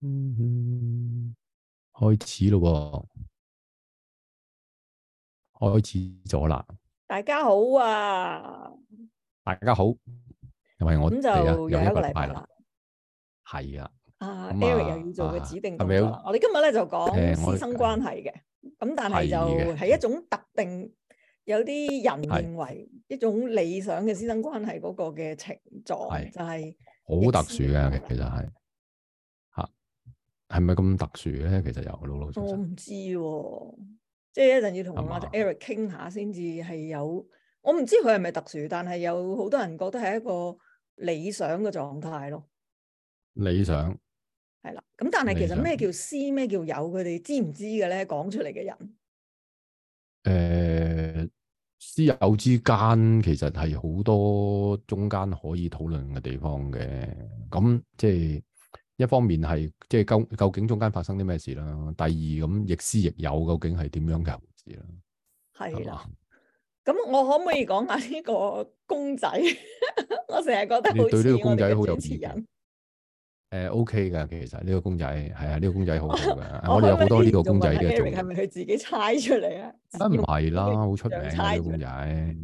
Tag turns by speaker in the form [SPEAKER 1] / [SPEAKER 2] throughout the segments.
[SPEAKER 1] 嗯嗯，開始咯，開
[SPEAKER 2] 始咗啦。
[SPEAKER 3] 大家好啊，
[SPEAKER 2] 大家好，係咪我咁就又一個禮拜啦，
[SPEAKER 3] 係啊。啊，Eric 又要做嘅指定，我哋今日咧就講師生關係嘅，咁但係就係一種特定，有啲人認為一種理想嘅師生關係嗰個嘅情狀，就係
[SPEAKER 2] 好特殊嘅，其實係。係咪咁特殊咧？其實有老老實實
[SPEAKER 3] 我唔知、啊，即係一陣要同阿 Eric 傾下先至係有。我唔知佢係咪特殊，但係有好多人覺得係一個理想嘅狀態咯。
[SPEAKER 2] 理想
[SPEAKER 3] 係啦，咁、嗯、但係其實咩叫師？咩叫友？佢哋知唔知嘅咧？講出嚟嘅人，
[SPEAKER 2] 誒、呃，師友之間其實係好多中間可以討論嘅地方嘅，咁、嗯、即係。一方面係即係究究竟中間發生啲咩事啦，第二咁亦師亦友究竟係點樣嘅事啦，
[SPEAKER 3] 係啦。咁我可唔可以講下呢個公仔？我成日覺得你對呢個公仔好有癮。
[SPEAKER 2] 誒 OK 㗎，其實呢個公仔係啊，呢個公仔好好㗎。我哋有好多呢個公仔嘅。係咪
[SPEAKER 3] 佢自己猜出嚟啊？啊唔
[SPEAKER 2] 係啦，好出名呢個公仔，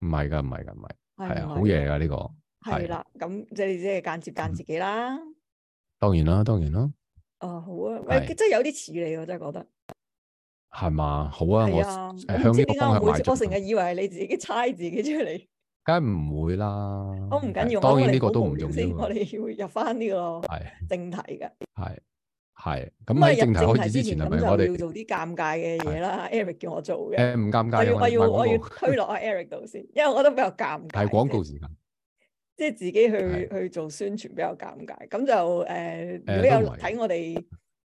[SPEAKER 2] 唔係㗎，唔係㗎，唔係。係啊，好嘢㗎呢個。係
[SPEAKER 3] 啦，咁即係即係間接間自己啦。
[SPEAKER 2] 當然啦，當然啦。
[SPEAKER 3] 啊好啊，真係有啲似你喎，真係覺得。
[SPEAKER 2] 係嘛？好啊，我向呢我唔知點解我每集成
[SPEAKER 3] 日以為係你自己猜自己出嚟。
[SPEAKER 2] 梗係唔會啦。我唔緊要，當然呢個都唔重要。我哋
[SPEAKER 3] 要入翻呢個咯。係正題㗎。
[SPEAKER 2] 係係。咁喺正題開始之前，係咪我哋要做
[SPEAKER 3] 啲尷尬嘅嘢啦？Eric 叫我做嘅。誒唔尷尬㗎，我要我要推落去 Eric 度先，因為我覺得比較尷
[SPEAKER 2] 尬。係廣告時間。
[SPEAKER 3] 即係自己去的去做宣傳比較尷尬，咁就誒、呃呃、如果有睇我哋呢、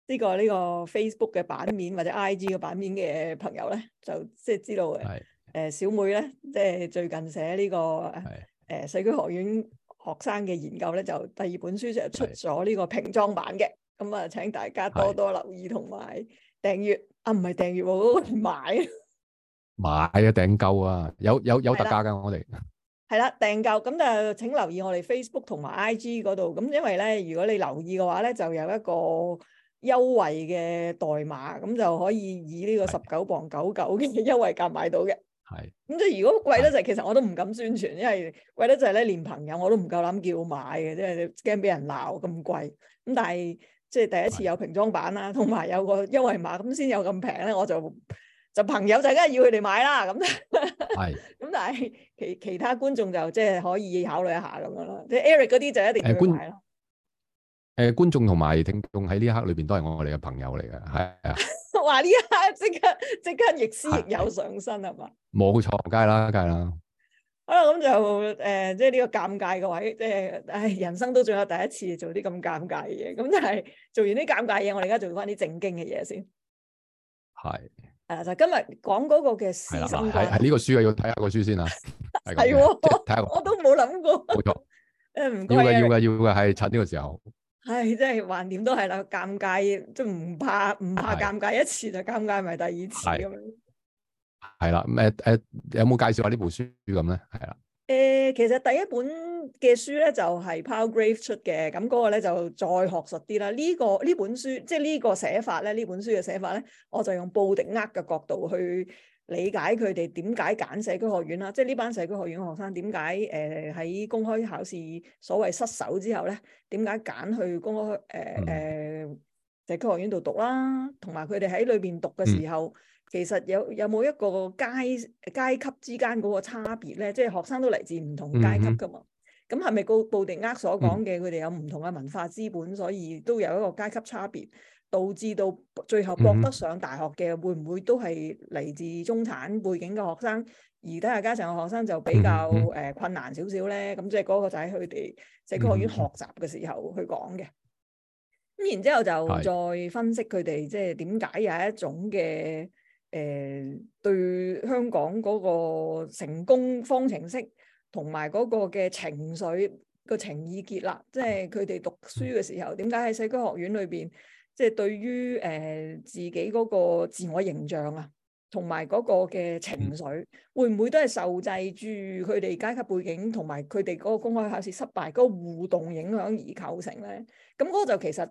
[SPEAKER 3] 這個呢、這個 Facebook 嘅版面或者 IG 嘅版面嘅朋友咧，就即係知道誒的、呃、小妹咧，即係最近寫呢、這個誒社、呃、區學院學生嘅研究咧，就第二本書就係出咗呢個平裝版嘅，咁啊的、嗯、請大家多多留意同埋訂閱的啊，唔係訂閱喎，買
[SPEAKER 2] 買啊訂購啊，有有有，有特價㗎，我哋對。
[SPEAKER 3] 係啦，訂購咁就請留意我哋 Facebook 同埋 IG 嗰度。咁因為咧，如果你留意嘅話咧，就有一個優惠嘅代碼，咁就可以以呢個十九磅九九嘅優惠價買到嘅。係的。咁即係如果貴得滯的其實我都唔敢宣傳，因為貴得滯係咧連朋友我都唔夠膽叫買嘅，即係驚俾人鬧咁貴。咁但係即係第一次有平裝版啦，同埋的有，有個優惠碼，咁先有咁平咧，我就。就朋友就梗係要佢哋買啦，咁係的，咁但係其其他觀眾就即係、就是、可以考慮一下咁樣咯。即係 Eric 嗰啲就一定要買啦。誒、呃
[SPEAKER 2] 呃，觀眾同埋聽眾喺呢一刻裏邊都係我哋嘅朋友嚟嘅，係啊。
[SPEAKER 3] 話呢 一刻即刻即刻亦師亦友上身係嘛？
[SPEAKER 2] 冇錯的，梗係啦，梗係啦。
[SPEAKER 3] 好啦，咁就誒、呃，即係呢個尷尬嘅位，即係誒，人生都仲有第一次做啲咁尷尬嘅嘢，咁就係做完啲尷尬嘢，我哋而家做翻啲正經嘅嘢先。
[SPEAKER 2] 係。
[SPEAKER 3] 誒就是、今日講嗰個嘅事實，係係呢
[SPEAKER 2] 個書啊，要睇下個書先啊，係喎 的，睇下 我
[SPEAKER 3] 都冇諗過，冇錯，誒唔 你要嘅要嘅
[SPEAKER 2] 要嘅，係趁呢個時候，
[SPEAKER 3] 係真係橫掂都係啦，尷尬，即係唔怕唔怕尷尬的一次就尷尬咪第二次咁樣，
[SPEAKER 2] 係啦，誒誒、呃呃呃，有冇介紹下呢部書咁咧？係啦。
[SPEAKER 3] 誒，其實第一本嘅書咧就係 Power Grave 出嘅，咁嗰個咧就再學術啲啦。呢、這個呢本書即係呢個寫法咧，呢本書嘅寫法咧，我就用布迪厄嘅角度去理解佢哋點解揀社區學院啦。即係呢班社區學院嘅學生點解誒喺公開考試所謂失手之後咧，點解揀去公開誒誒、呃、社區學院度讀啦？同埋佢哋喺裏邊讀嘅時候。嗯其實有有冇一個階階級之間嗰個差別咧？即係學生都嚟自唔同階級㗎嘛？咁係咪告布迪厄所講嘅？佢哋、嗯、有唔同嘅文化資本，所以都有一個階級差別，導致到最後搏得上大學嘅，會唔會都係嚟自中產背景嘅學生？而底下階層嘅學生就比較誒、嗯嗯呃、困難少少咧。咁即係嗰個就喺佢哋即社區學院學習嘅時候去講嘅。咁然之後就再分析佢哋即係點解有一種嘅。誒、呃，對香港嗰個成功方程式，同埋嗰個嘅情緒、這個情意結啦，即係佢哋讀書嘅時候，點解喺社區學院裏邊，即、就、係、是、對於誒、呃、自己嗰個自我形象啊，同埋嗰個嘅情緒，會唔會都係受制住佢哋階級背景，同埋佢哋嗰個公開考試失敗嗰、那個互動影響而構成咧？咁嗰個就其實。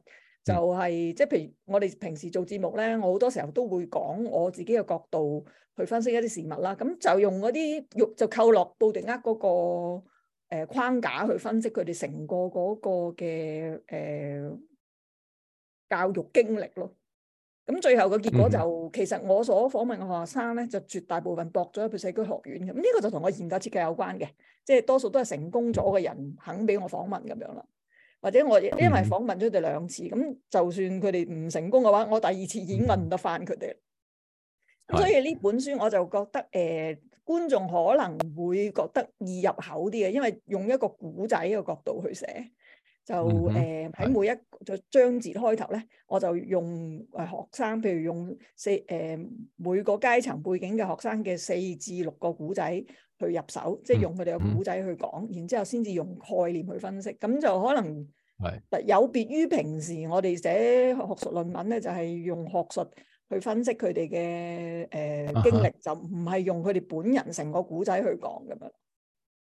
[SPEAKER 3] 就係即係，譬如我哋平時做節目咧，我好多時候都會講我自己嘅角度去分析一啲事物啦。咁、嗯、就用嗰啲肉就扣落布迪厄、那個、呃嗰個框架去分析佢哋成個嗰個嘅誒、呃、教育經歷咯。咁最後嘅結果就、嗯、其實我所訪問嘅學生咧，就絕大部分博咗一間社區學院嘅。咁、嗯、呢、這個就同我研究設計有關嘅，即係多數都係成功咗嘅人肯俾我訪問咁樣啦。或者我因為訪問咗佢哋兩次，咁、嗯、就算佢哋唔成功嘅話，我第二次已經問唔得翻佢哋。嗯、所以呢本書我就覺得，誒、呃，觀眾可能會覺得易入口啲嘅，因為用一個古仔嘅角度去寫，就誒喺、嗯嗯呃、每一就章節開頭咧，我就用誒學生，譬如用四誒、呃、每個階層背景嘅學生嘅四至六個古仔，去入手，即係用佢哋個古仔去講，嗯、然之後先至用概念去分析，咁、嗯、就可能有別於平時我哋寫學術論文咧，就係、是、用學術去分析佢哋嘅誒經歷，啊、哈就唔係用佢哋本人成個古仔去講咁樣。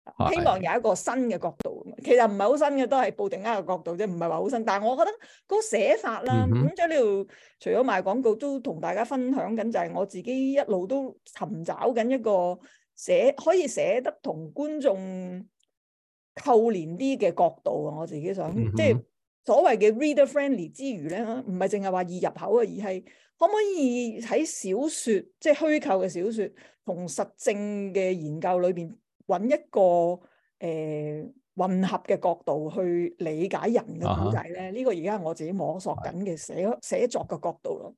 [SPEAKER 3] 啊、哈希望有一個新嘅角度，哎、呀其實唔係好新嘅，都係布定拉嘅角度，即唔係話好新。但係我覺得個寫法啦、啊，咁將呢度除咗賣廣告，都同大家分享緊，就係我自己一路都尋找緊一個。寫可以寫得同觀眾扣連啲嘅角度啊，我自己想，嗯、哼即係所謂嘅 reader friendly 之餘咧，唔係淨係話易入口啊，而係可唔可以喺小說，即係虛構嘅小說同實證嘅研究裏邊，揾一個誒、呃、混合嘅角度去理解人嘅古仔咧？呢、啊、哈個而家係我自己摸索緊嘅寫寫作嘅角度咯。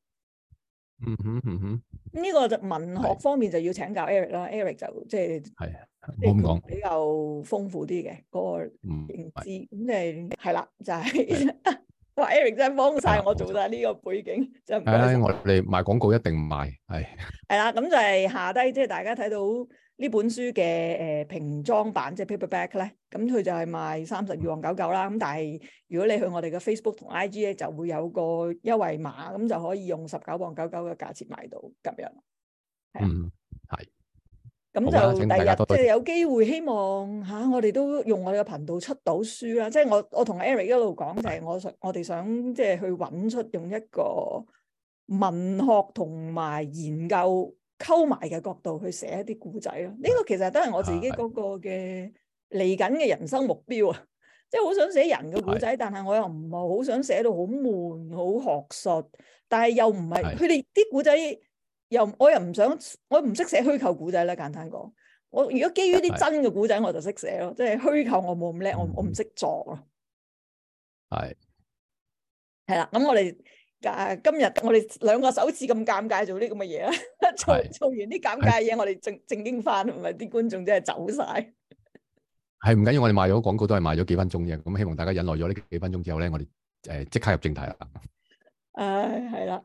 [SPEAKER 1] 嗯哼
[SPEAKER 3] 嗯哼，呢、嗯、個就文學方面就要請教 Eric 啦的，Eric 就即係係啊，
[SPEAKER 1] 好唔講
[SPEAKER 3] 比較豐富啲嘅嗰個認知，咁你係啦，就係、是、話的 Eric 真係幫晒我、啊、做晒呢個背景，就唔該。我
[SPEAKER 2] 你賣廣告一定唔賣係
[SPEAKER 3] 係啦，咁就係下低，即、就、係、是、大家睇到。呢本書嘅誒平裝版即係 paperback 咧，咁佢就係賣三十二磅九九啦。咁但係如果你去我哋嘅 Facebook 同 IG 咧，就會有個優惠碼，咁就可以用十九磅九九嘅價錢買到咁樣。
[SPEAKER 1] 嗯，係。咁就第二日即係
[SPEAKER 3] 有機會，希望吓，啊，我哋都用我哋嘅頻道出到書啦。即係我我同 Eric 一路講就係我，我想我哋想即係去揾出用一個文學同埋研究，溝埋嘅角度去寫一啲古仔咯，呢個其實都係我自己嗰個嘅嚟緊嘅人生目標啊！ 即係好想寫人嘅古仔，是但係我又唔係好想寫到好悶、好學術，是但係又唔係佢哋啲古仔又我又唔想，我唔識寫虛構古仔啦。簡單講，我如果基於啲真嘅古仔，我就識寫咯。即係虛構，我冇咁叻，我我唔識作咯。
[SPEAKER 1] 係
[SPEAKER 3] 係啦，咁我哋。家今日我哋兩個首次咁尷尬做啲咁嘅嘢啊！做 做完啲尷尬嘢是，我哋正正經返，唔係啲觀眾真係走晒。
[SPEAKER 2] 係，唔緊要，我哋賣咗廣告都係賣咗幾分鐘嘅，咁希望大家忍耐咗呢幾分鐘之後咧，我哋誒即刻入正題啦。
[SPEAKER 3] 唉、嗯，係啦，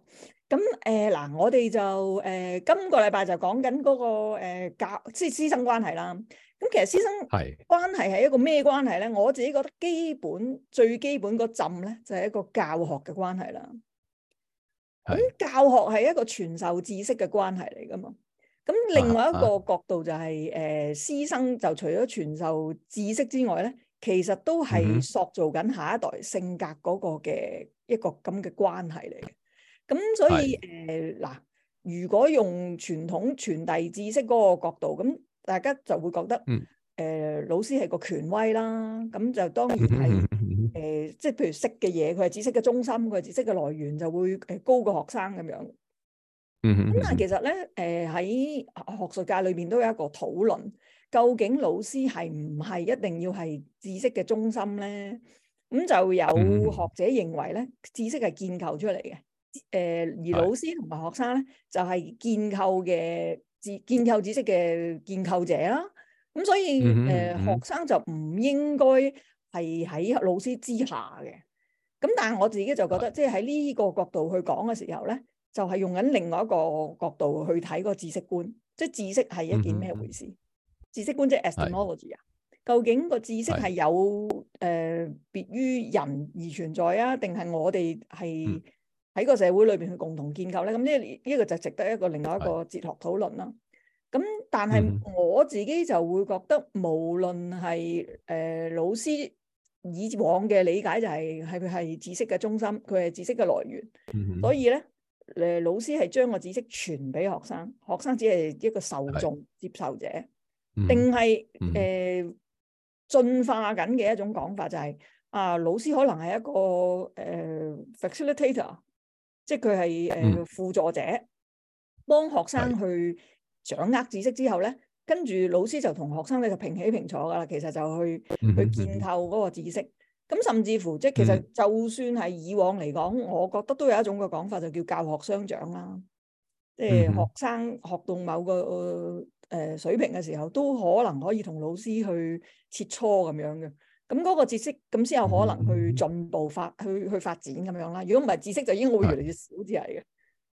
[SPEAKER 3] 咁誒嗱，我哋就誒今個禮拜就講緊嗰個誒教即係師生關係啦。咁其實師生關係係一個咩關係咧？的我自己覺得基本最基本個浸咧就係一個教學嘅關係啦。咁教學係一個傳授知識嘅關係嚟噶嘛？咁另外一個角度就係、是、誒、啊呃，師生就除咗傳授知識之外咧，其實都係塑造緊下一代性格嗰個嘅一個咁嘅關係嚟嘅。咁所以誒，嗱是、呃，如果用傳統傳遞知識嗰個角度，咁大家就會覺得。嗯誒、呃，老師係個權威啦，咁就當然係誒、呃，即係譬如識嘅嘢，佢係知識嘅中心，佢係知識嘅來源就會誒高過學生咁樣。
[SPEAKER 1] 咁 但係
[SPEAKER 3] 其實咧，誒、呃、喺學術界裏邊都有一個討論，究竟老師係唔係一定要係知識嘅中心咧？咁就有學者認為咧， 知識係建構出嚟嘅，誒而老師同埋學生咧就係、是、建構嘅知建構知識嘅建構者啦。咁所以誒、嗯哼呃，學生就唔應該係喺老師之下嘅。咁但係我自己就覺得，的即係喺呢個角度去講嘅時候咧，就係、是、用緊另外一個角度去睇個知識觀，即係知識係一件咩回事？嗯、哼知識觀即係 e s k n o w l e g eepistemology 啊。究竟個知識係有誒、呃、別於人而存在啊，定係我哋係喺個社會裏邊去共同建構咧？咁呢呢個就值得一個另外一個哲學討論啦、啊。咁但係我自己就會覺得，無論係誒、呃、老師以往嘅理解就係係佢係知識嘅中心，佢係知識嘅來源，嗯、哼所以咧誒、呃、老師係將個知識傳俾學生，學生只係一個受眾接受者，定係誒進化緊嘅一種講法就係、是、啊老師可能係一個誒、呃、facilitator，即係佢係誒輔助者，嗯、幫學生去。掌握知識之後咧，跟住老師就同學生咧就平起平坐噶啦。其實就去、嗯、哼去建構嗰個知識。咁甚至乎即係其實就算係以往嚟講，嗯、我覺得都有一種嘅講法，就叫教學相長啦。即係、嗯、哼學生學到某個誒水平嘅時候，都可能可以同老師去切磋咁樣嘅。咁嗰個知識咁先有可能去進步發、嗯、哼去去發展咁樣啦。如果唔係知識就已經會越嚟越少至係嘅。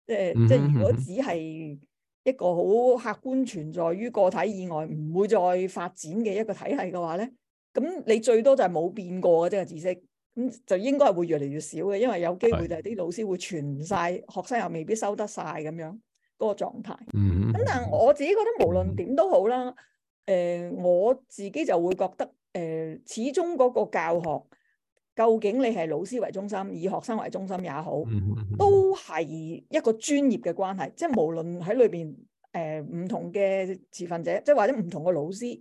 [SPEAKER 3] 即係即係如果只係，嗯哼嗯一個好客觀存在於個體以外，唔會再發展嘅一個體系嘅話咧，咁你最多就係冇變過嘅啫，知識咁就應該係會越嚟越少嘅，因為有機會就係啲老師會傳晒，學生又未必收得晒咁樣嗰、那個狀態。嗯，咁但係我自己覺得無論點都好啦，誒、呃、我自己就會覺得誒、呃，始終嗰個教學。究竟你係老師為中心，以學生為中心也好，都係一個專業嘅關係。即係無論喺裏邊誒唔同嘅持份者，即係或者唔同嘅老師，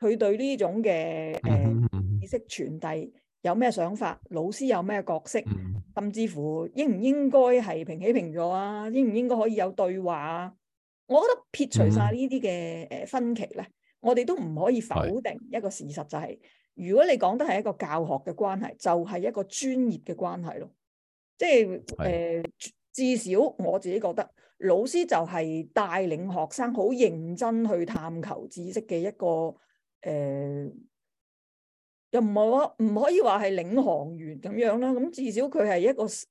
[SPEAKER 3] 佢對呢種嘅誒知識傳遞有咩想法？老師有咩角色？甚至乎應唔應該係平起平坐啊？應唔應該可以有對話啊？我覺得撇除晒呢啲嘅誒分歧咧，嗯、我哋都唔可以否定一個事實就係、係。如果你講得係一個教學嘅關係，就係、是、一個專業嘅關係咯。即係誒、呃，至少我自己覺得老師就係帶領學生好認真去探求知識嘅一個誒、呃，又唔可唔可以話係領航員咁樣啦。咁至少佢係一個誒、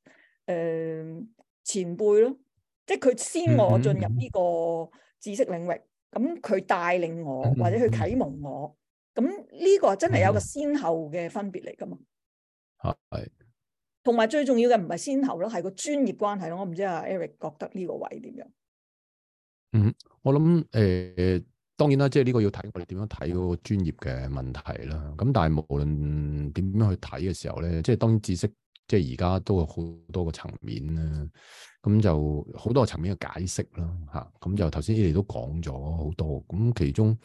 [SPEAKER 3] 呃、前輩咯，即係佢先我進入呢個知識領域，咁佢帶領我或者佢啟蒙我。咁呢個真係有個先後嘅分別嚟噶嘛？
[SPEAKER 1] 嚇係
[SPEAKER 3] 的。同埋最重要嘅唔係先後咯，係個專業關係咯。我唔知阿 Eric 覺得呢個位點樣？
[SPEAKER 2] 嗯，我諗誒、呃、當然啦，即係呢個要睇我哋點樣睇嗰個專業嘅問題啦。咁但係無論點樣去睇嘅時候咧，即、就、係、是、當然知識即係而家都有好多個層面啦。咁就好多個層面嘅解釋啦嚇。咁就頭先你哋都講咗好多。咁其中。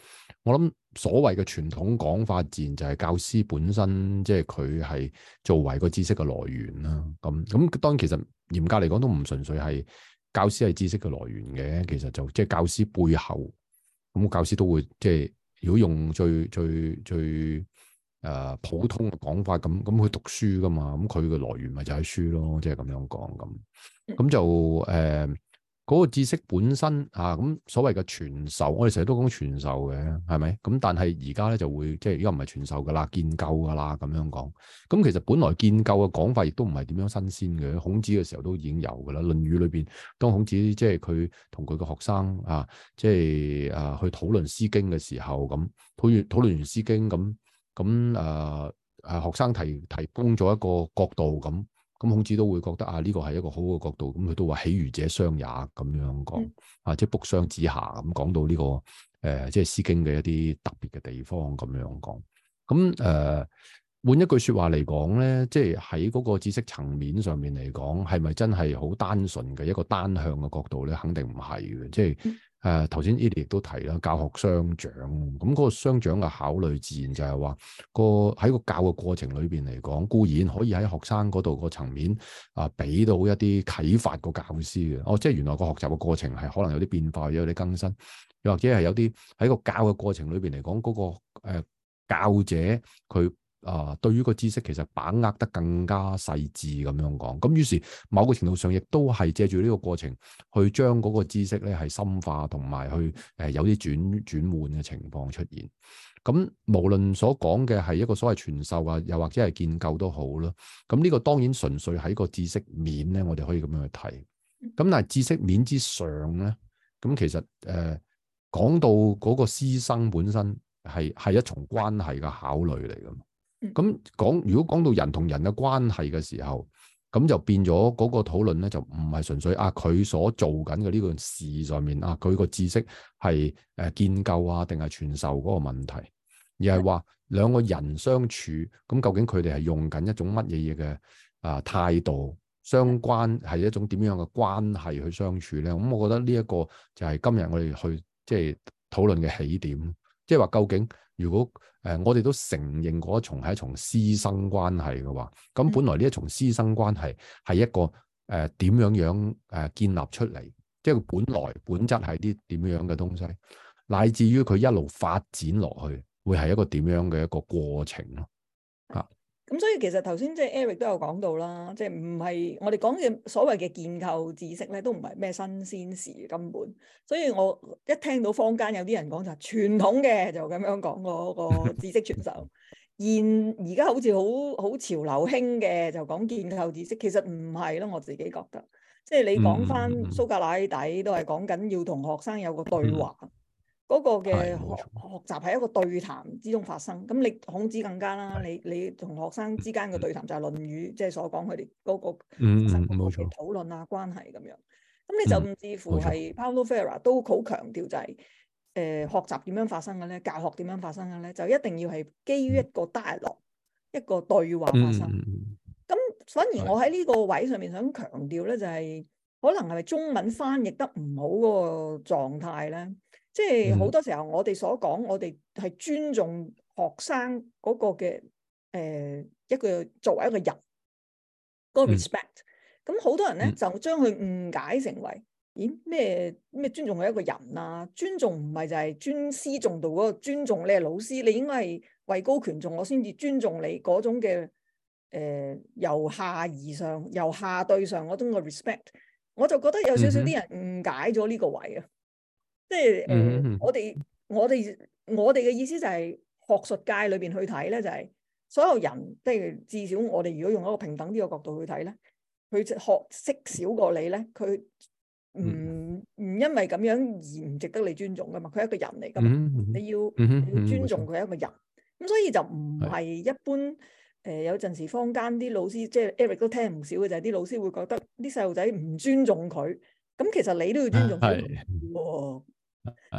[SPEAKER 2] 我諗所謂嘅傳統講法自然就係教師本身，即係佢係作為個知識嘅來源啦。咁咁當其實嚴格嚟講都唔純粹係教師係知識嘅來源嘅，其實就即係、就是、教師背後咁，教師都會即係如果用最最最誒、呃、普通嘅講法，咁咁佢讀書噶嘛，咁佢嘅來源咪就係書咯，即係咁樣講咁，咁就誒。呃嗰個知識本身啊，咁所謂嘅傳授，我哋成日都講傳授嘅，係咪？咁但係而家咧就會，即係而家唔係傳授噶啦，建構噶啦，咁樣講。咁其實本來建構嘅講法，亦都唔係點樣新鮮嘅。孔子嘅時候都已經有㗎啦，《論語》裏邊，當孔子即係佢同佢嘅學生啊，即係啊去討論《詩經》嘅時候，咁討論討論完《詩經》，咁咁啊啊學生提提供咗一個角度咁。咁孔子都會覺得啊，呢、這個係一個好嘅角度，咁、嗯、佢都話：起予者商也，咁樣講，嗯、啊即卜商子夏咁講到呢、這個誒、呃，即《詩經》嘅一啲特別嘅地方咁樣講。咁、嗯、誒、呃，換一句説話嚟講咧，即喺嗰個知識層面上面嚟講，係咪真係好單純嘅一個單向嘅角度咧？肯定唔係嘅，即。嗯誒頭先 Eddie 亦都提啦，教學相長，咁、嗯、嗰、那個相長嘅考慮，自然就係話個喺個教嘅過程裏邊嚟講，固然可以喺學生嗰度個層面啊，俾到一啲啟發個教師嘅，哦，即係原來個學習嘅過程係可能有啲變化，有啲更新，又或者係有啲喺個教嘅過程裏邊嚟講，嗰、那個、呃、教者佢。啊，對於個知識其實把握得更加細緻咁樣講，咁於是某個程度上亦都係借住呢個過程去將嗰個知識咧係深化同埋去誒、呃、有啲轉轉換嘅情況出現。咁、嗯、無論所講嘅係一個所謂傳授啊，又或者係建構都好啦。咁、嗯、呢、這個當然純粹喺個知識面咧，我哋可以咁樣去睇。咁、嗯、但係知識面之上咧，咁、嗯、其實誒講、呃、到嗰個師生本身係係一重關係嘅考慮嚟㗎。咁講，如果講到人同人嘅關係嘅時候，咁就變咗嗰個討論咧，就唔係純粹啊佢所做緊嘅呢個事上面啊，佢個知識係誒建構啊，定係傳授嗰個問題，而係話兩個人相處，咁究竟佢哋係用緊一種乜嘢嘢嘅啊態度，相關係一種點樣嘅關係去相處咧？咁我覺得呢一個就係今日我哋去即係討論嘅起點，即係話究竟如果。誒、呃，我哋都承認嗰一重係一重師生關係嘅話，咁本來呢一重師生關係係一個誒點、呃、樣樣誒建立出嚟，即係佢本來本質係啲點樣樣嘅東西，乃至於佢一路發展落去，會係一個點樣嘅一個過程咯。
[SPEAKER 3] 咁所以其實頭先即係 Eric 都有講到啦，即係唔係我哋講嘅所謂嘅建構知識咧，都唔係咩新鮮事根本。所以我一聽到坊間有啲人講，就係傳統嘅就咁樣講嗰個知識傳授，而現而家好似好好潮流興嘅就講建構知識，其實唔係咯。我自己覺得，即係你講返蘇格拉底都係講緊要同學生有個對話。嗰個嘅學學習係一個對談之中發生，咁你孔子更加啦，的你你同學生之間嘅對談就係《論語》，嗯，即係所講佢哋嗰個嗯討論啊關係咁樣，咁、嗯、你就甚至乎係 Paulo Freire 都好強調就係、是、誒、呃、學習點樣發生嘅咧，教學點樣發生嘅咧，就一定要係基於一個 dialogue、嗯、一個對話發
[SPEAKER 1] 生。
[SPEAKER 3] 咁、嗯、反而我喺呢個位上面想強調咧，就係可能係咪中文翻譯得唔好嗰個狀態咧。即係好多時候，我哋所講，我哋係尊重學生嗰個嘅誒、呃、一個作為一個人嗰個 respect。咁好、嗯、多人咧就將佢誤解成為，咦咩咩尊重佢一個人啊？尊重唔係就係尊師重道嗰、那個尊重你係，老師你應該係位高權重，我先至尊重你嗰種嘅誒、呃、由下而上、由下對上嗰種個 respect。我就覺得有少少啲人誤解咗呢個位啊。嗯嗯即係誒，我哋我哋我哋嘅意思就係學術界裏邊去睇咧，就係所有人即係至少我哋如果用一個平等呢個角度去睇咧，佢學識少過你咧，佢唔唔因為咁樣而唔值得你尊重噶嘛？佢係一個人嚟噶嘛？你要尊重佢係一個人，咁所以就唔係一般誒，有陣時坊間啲老師即係 Eric 都聽唔少嘅，就係啲老師會覺得啲細路仔唔尊重佢，咁其實你都要尊重佢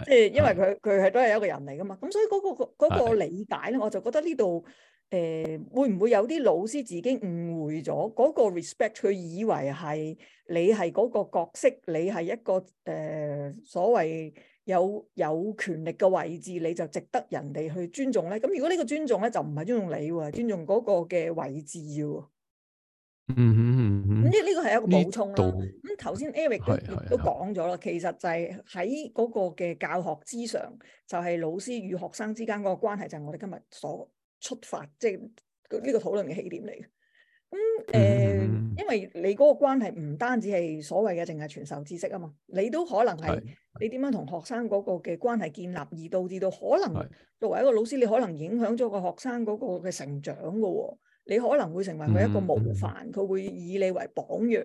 [SPEAKER 3] 即係因為佢佢係都係一個人嚟噶嘛，咁所以嗰個嗰個理解咧，我就覺得呢度誒會唔會有啲老師自己誤會咗嗰個 respect，佢以為係你係嗰個角色，你係一個誒所謂有有權力嘅位置，你就值得人哋去尊重咧。咁如果呢個尊重咧就唔係尊重你喎，尊重嗰個嘅位置嘅。
[SPEAKER 1] 嗯嗯嗯嗯，咁即呢個係一個補充啦。咁
[SPEAKER 3] 頭先 Eric 是都講咗啦，其實就係喺嗰個嘅教學之上，就係、是、老師與學生之間嗰個關係，就係我哋今日所出發，即係呢個討論嘅起點嚟
[SPEAKER 1] 嘅。咁、嗯、誒，呃嗯、
[SPEAKER 3] 因為你嗰個關係唔單止係所謂嘅淨係傳授知識啊嘛，你都可能係你點樣同學生嗰個嘅關係建立，而導致到可能作為一個老師，你可能影響咗個學生嗰個嘅成長噶喎、哦。你可能會成為佢一個模範，佢、嗯、會以你為榜樣。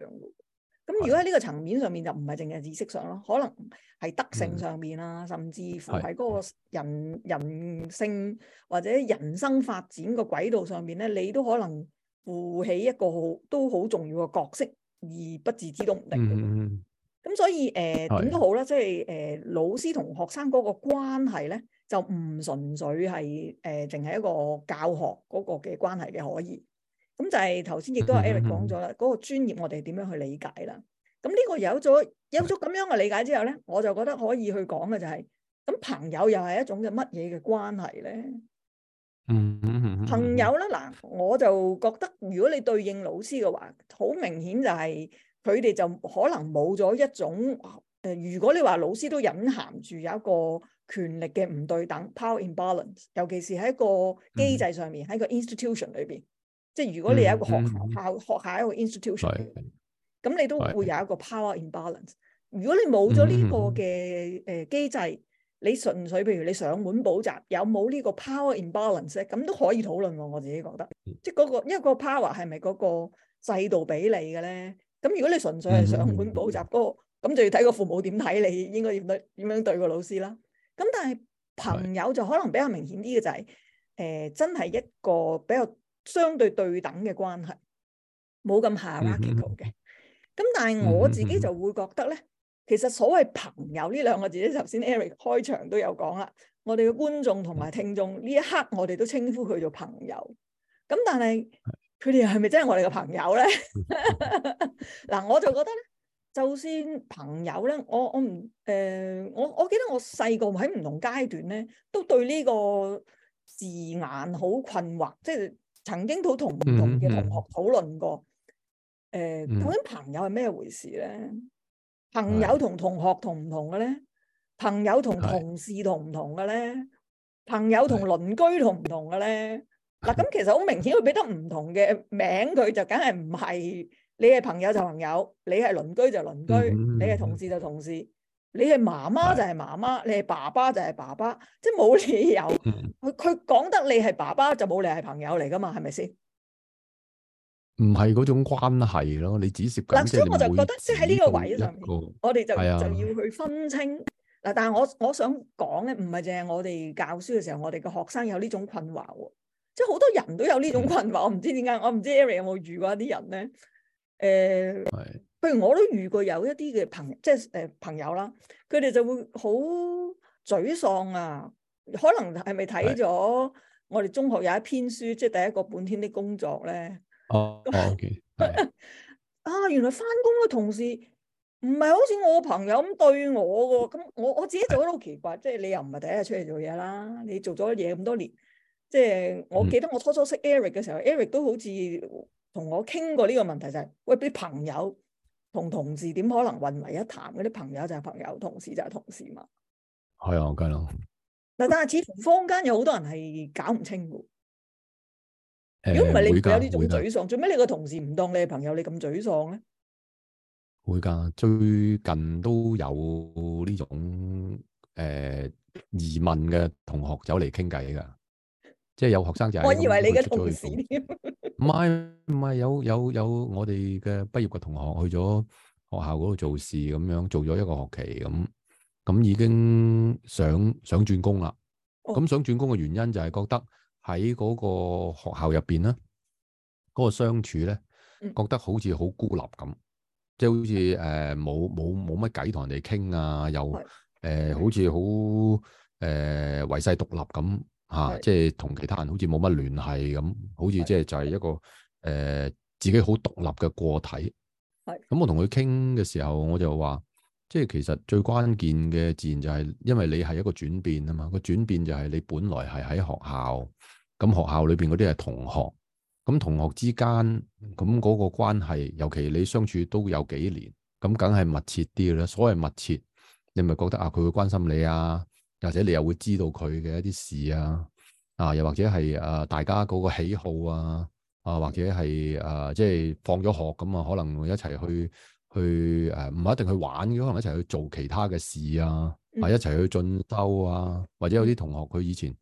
[SPEAKER 3] 咁如果喺呢個層面上面，就唔係淨係知識上咯，可能係德性上面啦，嗯、甚至乎喺嗰個人、嗯、人性或者人生發展個軌道上面咧，你都可能扶起一個好都好重要嘅角色，而不自知都唔定。嗯咁所以誒點、呃、都好啦，即係誒、呃、老師同學生嗰個關係咧，就唔純粹係誒淨係一個教學嗰個嘅關係嘅可以。咁就係頭先亦都係 Eric 講咗啦，嗰、嗯嗯、個專業我哋點樣去理解啦？咁呢個有咗有咗咁樣嘅理解之後咧，我就覺得可以去講嘅就係、是，咁朋友又係一種嘅乜嘢嘅關係咧、嗯？嗯。嗯嗯朋友咧，嗱，我就覺得如果你對應老師嘅話，好明顯就係、是。佢哋就可能冇咗一種誒、呃。如果你話老師都隱含住有一個權力嘅唔對等，power imbalance，尤其是喺一個機制上面，喺、嗯、個 institution 裏邊，即、就、係、是、如果你有一個學校、嗯嗯、學校一個 institution，咁你都會有一個 power imbalance。的如果你冇咗呢個嘅誒機制，嗯、你純粹譬如你上門補習，有冇呢個 power imbalance 咧？咁都可以討論喎。我自己覺得，即係嗰個因為個 power 係咪嗰個制度俾你嘅咧？咁如果你純粹係上本補習嗰個，咁、mm hmm. 就要睇個父母點睇你，應該要對點樣對個老師啦。咁但係朋友就可能比較明顯啲嘅就係、是，誒、mm hmm. 呃、真係一個比較相對對等嘅關係，冇咁下 hierarchical 嘅。咁、mm hmm. 但係我自己就會覺得咧，其實所謂朋友呢兩個字，頭先 Eric 開場都有講啦。我哋嘅觀眾同埋聽眾呢、mm hmm. 一刻，我哋都稱呼佢做朋友。咁但係。Mm hmm. 佢哋係咪真係我哋嘅朋友咧？嗱， 我就覺得咧，就算朋友咧，我我唔誒，我、呃、我，我記得我細個喺唔同階段咧，都對呢個字眼好困惑，即係曾經都同唔同嘅同學討論過，誒，究竟朋友係咩回事咧？Mm hmm. 朋友同同學同唔同嘅咧？Mm hmm. 朋友同同事同唔同嘅咧？Mm hmm. 朋友同鄰居同唔同嘅咧？Mm hmm. mm 嗱咁，其實好明顯，佢俾得唔同嘅名，佢就梗係唔係你係朋友就朋友，你係鄰居就鄰居，你係同事就同事，你係媽媽就係媽媽，你係爸爸就係爸爸，即係冇理由，佢佢講得你係爸爸就冇理由係朋友嚟噶嘛，係咪先？
[SPEAKER 2] 唔係嗰種關係咯，你只涉及。嗱，所以我就覺得，即係喺呢個位上面，我哋就就
[SPEAKER 3] 要去分清。嗱，但係我我想講咧，唔係淨係我哋教書嘅時候，我哋嘅學生有呢種困惑喎。即係好多人都有呢種困惑，我唔知點解，我唔知 Eric 有冇遇過啲人咧？誒、欸，譬是如我都遇過有一啲嘅朋，即係誒朋友啦，佢哋就會好沮喪啊！可能係咪睇咗我哋中學有一篇書，是即係第一個半天的工作咧？
[SPEAKER 1] 哦 OK
[SPEAKER 3] 啊，原來翻工嘅同事唔係好似我朋友咁對我㗎，咁我我自己就覺得好奇怪，即係是你又唔係第一日出嚟做嘢啦，你做咗嘢咁多年。即係我記得我初初識 Eric 嘅時候、嗯、，Eric 都好似同我傾過呢個問題，就係、是、喂啲朋友同同事點可能混為一談？嗰啲朋友就係朋友，同事就係同事嘛。
[SPEAKER 2] 係啊、嗯，我跟啊。
[SPEAKER 3] 嗱，但係似乎坊間有好多人係搞唔清噶。如果
[SPEAKER 1] 唔係，你有
[SPEAKER 2] 呢種沮喪？
[SPEAKER 3] 做咩你個同事唔當你係朋友，你咁沮喪咧？
[SPEAKER 2] 會噶，最近都有呢種誒疑問嘅同學走嚟傾偈噶。即係有學生就係，我以為你嘅同事。唔係唔係，有有有我哋嘅畢業嘅同學去咗學校嗰度做事，咁樣做咗一個學期，咁咁已經想想轉工啦。咁、哦、想轉工嘅原因就係覺得喺嗰個學校入邊咧，嗰、那個相處咧，覺得好似好孤立咁，即係、嗯、好似誒冇冇冇乜偈同人哋傾啊，又誒、呃、好似好誒遺世獨立咁。吓，即係同其他人好似冇乜聯繫咁，好似即係就係一個誒、呃、自己好獨立嘅個體。係，咁我同佢傾嘅時候，我就話，即係其實最關鍵嘅自然就係，因為你係一個轉變啊嘛。個轉變就係你本來係喺學校，咁學校裏邊嗰啲係同學，咁同學之間咁嗰個關係，尤其你相處都有幾年，咁梗係密切啲啦。所謂密切，你咪覺得啊，佢會關心你啊。或者你又會知道佢嘅一啲事啊，啊又或者係啊、呃、大家嗰個喜好啊，啊或者係啊、呃、即係放咗學咁啊，可能一齊去去誒唔係一定去玩嘅，可能一齊去做其他嘅事啊，或、啊、一齊去進修啊，或者有啲同學佢以前誒、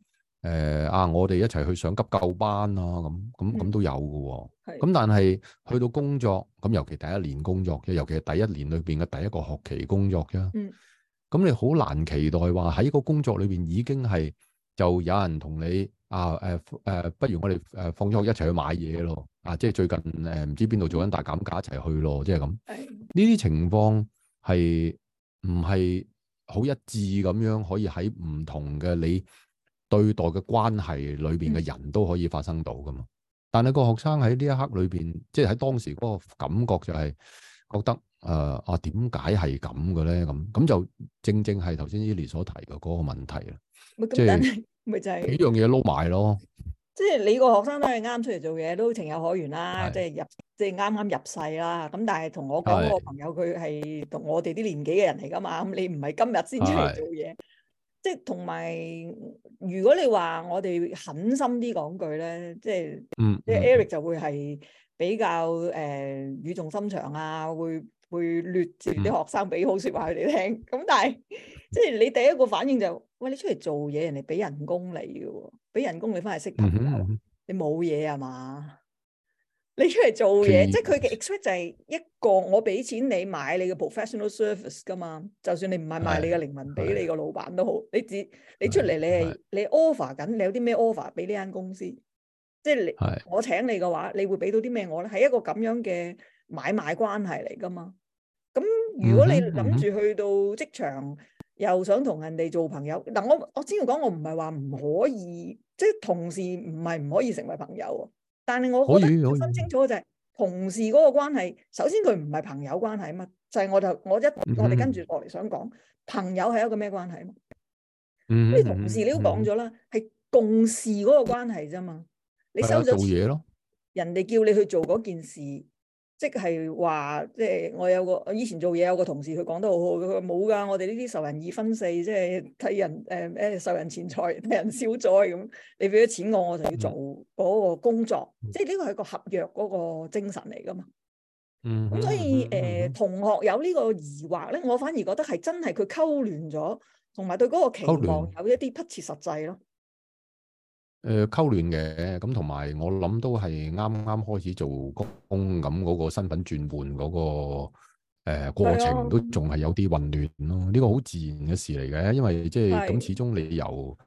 [SPEAKER 2] 呃、啊我哋一齊去上急救班啊，咁咁咁都有嘅、啊，咁的但係去到工作咁，尤其第一年工作嘅，尤其係第一年裏邊嘅第一個學期工作嘅。嗯咁你好難期待話喺個工作裏邊已經係就有人同你啊誒誒、啊啊，不如我哋誒放咗學一齊去買嘢咯啊！即係最近誒唔、啊、知邊度做緊大減價一齊去咯，即係咁。呢啲情況係唔係好一致咁樣，可以喺唔同嘅你對待嘅關係裏邊嘅人都可以發生到噶嘛？嗯、但係個學生喺呢一刻裏邊，即係喺當時嗰個感覺就係覺得。誒啊點解係咁嘅咧？咁咁就正正係頭先 Eli 所提嘅嗰個問題啦，
[SPEAKER 3] 即係幾
[SPEAKER 2] 樣嘢撈埋咯。
[SPEAKER 3] 即係你個學生都係啱出嚟做嘢，都情有可原啦。即係入即係啱啱入世啦。咁但係同我講嗰個朋友，佢係同我哋啲年紀嘅人嚟噶嘛。咁你唔係今日先出嚟做嘢，即係同埋如果你話我哋狠心啲講句咧，即係嗯即係 Eric 就會係比較誒語重心長啊，會。會掠住啲學生俾好說話佢哋聽，咁但係即係你第一個反應就，喂，你出嚟做嘢，人哋俾人工你嘅，俾人工你翻嚟識朋友，嗯、哼你冇嘢係嘛？你出嚟做嘢，其即係佢嘅 expect 就係一個我俾錢你買你嘅 professional service 噶嘛，就算你唔係賣你嘅靈魂俾你個老闆都好，你自你出嚟你係你 offer 緊，你有啲咩 offer 俾呢間公司？即係你的我請你嘅話，你會俾到啲咩我咧？係一個咁樣嘅。買賣關係嚟噶嘛？咁如果你諗住去到職場，嗯嗯、又想同人哋做朋友，嗱我我先要講，我唔係話唔可以，即係同事唔係唔可以成為朋友，但係我可得分清楚就係同事嗰個關係，首先佢唔係朋友關係啊嘛，就係我就我即我哋跟住落嚟想講，嗯、哼朋友係一個咩關係啊、嗯？
[SPEAKER 2] 嗯，同事你都講咗啦，
[SPEAKER 3] 係、嗯、哼共事嗰個關係啫嘛，
[SPEAKER 2] 你收咗錢咯，嗯、
[SPEAKER 3] 哼人哋叫你去做嗰件事。即係話，即係我有個，我以前做嘢有個同事，佢講得好好，佢話冇噶，我哋呢啲受人二分四，即係替人誒咩、呃、受人錢財替人消災咁。你俾咗錢我，我就要做嗰個工作，嗯、即係呢個係個合約嗰個精神嚟噶嘛，嗯
[SPEAKER 1] 嗯。嗯，咁所以誒
[SPEAKER 3] 同學有呢個疑惑咧，我反而覺得係真係佢溝亂咗，同埋對嗰個期望亂有一啲不切實際咯。
[SPEAKER 2] 誒溝、呃、亂嘅，咁同埋我諗都係啱啱開始做工咁，嗰個身份轉換嗰、那個誒、呃、過程都仲係有啲混亂咯。呢個好自然嘅事嚟嘅，因為即係咁始終你由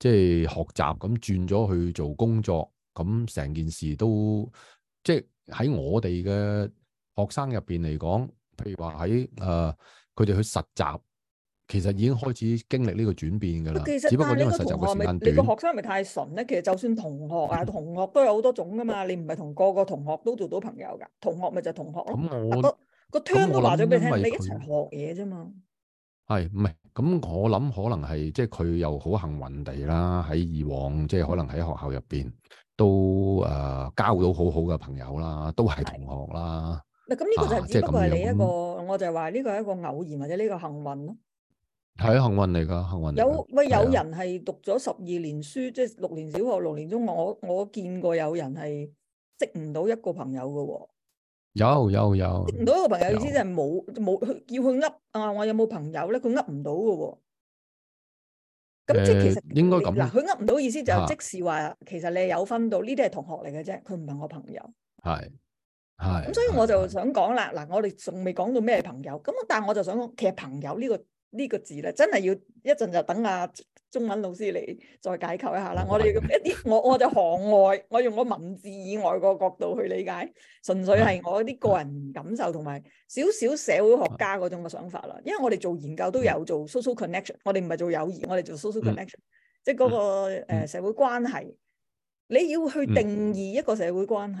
[SPEAKER 2] 即係、就是、學習咁轉咗去做工作，咁成件事都即係喺我哋嘅學生入邊嚟講，譬如話喺誒佢哋去實習。其實已經開始經歷呢個轉變噶啦，其實只不過你、啊這個同學咪你個學
[SPEAKER 3] 生咪太純咧。其實就算同學啊，嗯、同學都有好多種噶嘛。你唔係同個個同學都做到朋友噶，同學咪就同學咯。
[SPEAKER 2] 個個聽都話咗俾你聽，你一齊
[SPEAKER 3] 學嘢啫嘛。
[SPEAKER 2] 係唔係？咁我諗可能係即係佢又好幸運地啦。喺以往即係、就是、可能喺學校入邊都誒、呃、交到好好嘅朋友啦，都係同學啦。咁
[SPEAKER 3] 呢的、啊這個就係、是、只不過係你一個，嗯、我就係話呢個係一個偶然或者呢個幸運咯。
[SPEAKER 2] 係幸運嚟噶，幸運有
[SPEAKER 3] 喂，有人係讀咗十二年書，即係六年小學六年中學，我我見過有人係識唔到一個朋友噶。
[SPEAKER 2] 有有有，識唔到一個
[SPEAKER 3] 朋友意思就係冇冇去叫佢噏啊，我有冇朋友咧？佢噏唔到噶，咁即係其實
[SPEAKER 2] 應該咁嗱，佢
[SPEAKER 3] 噏唔到意思就即使話，其實你係有分到呢啲係同學嚟嘅啫，佢唔係我朋友。係係咁，所以我就想講啦，嗱，我哋仲未講到咩係朋友咁，但係我就想講其實朋友呢個。呢個字咧，真係要一陣就等阿中文老師嚟再解構一下啦。我哋要一啲我我就行外，我用我文字以外個角度去理解，純粹係我啲個人感受同埋少少社會學家嗰種嘅想法啦。因為我哋做研究都有做 social connection，我哋唔係做友誼，我哋做 social connection，、嗯、即係嗰、那個、嗯呃、社會關係。你要去定義一個社會關係，咁、嗯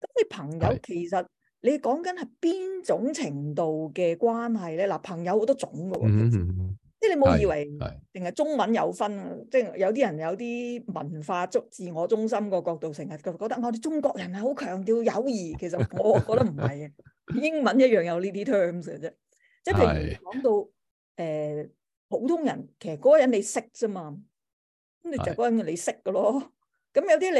[SPEAKER 3] 嗯、你朋友其實～你講緊係邊種程度嘅關係咧？嗱，朋友好多種嘅喎。嗯
[SPEAKER 1] 嗯、即係你冇以為
[SPEAKER 3] 定係中文有分，即係有啲人有啲文化中自我中心個角度，成日覺得我哋中國人係好強調友誼。其實我覺得唔係嘅， 英文一樣有呢啲 terms 嘅啫。即係譬如你講到誒是、欸、普通人，其實嗰個人你識啫嘛，咁你就嗰個人你識嘅咯。咁有啲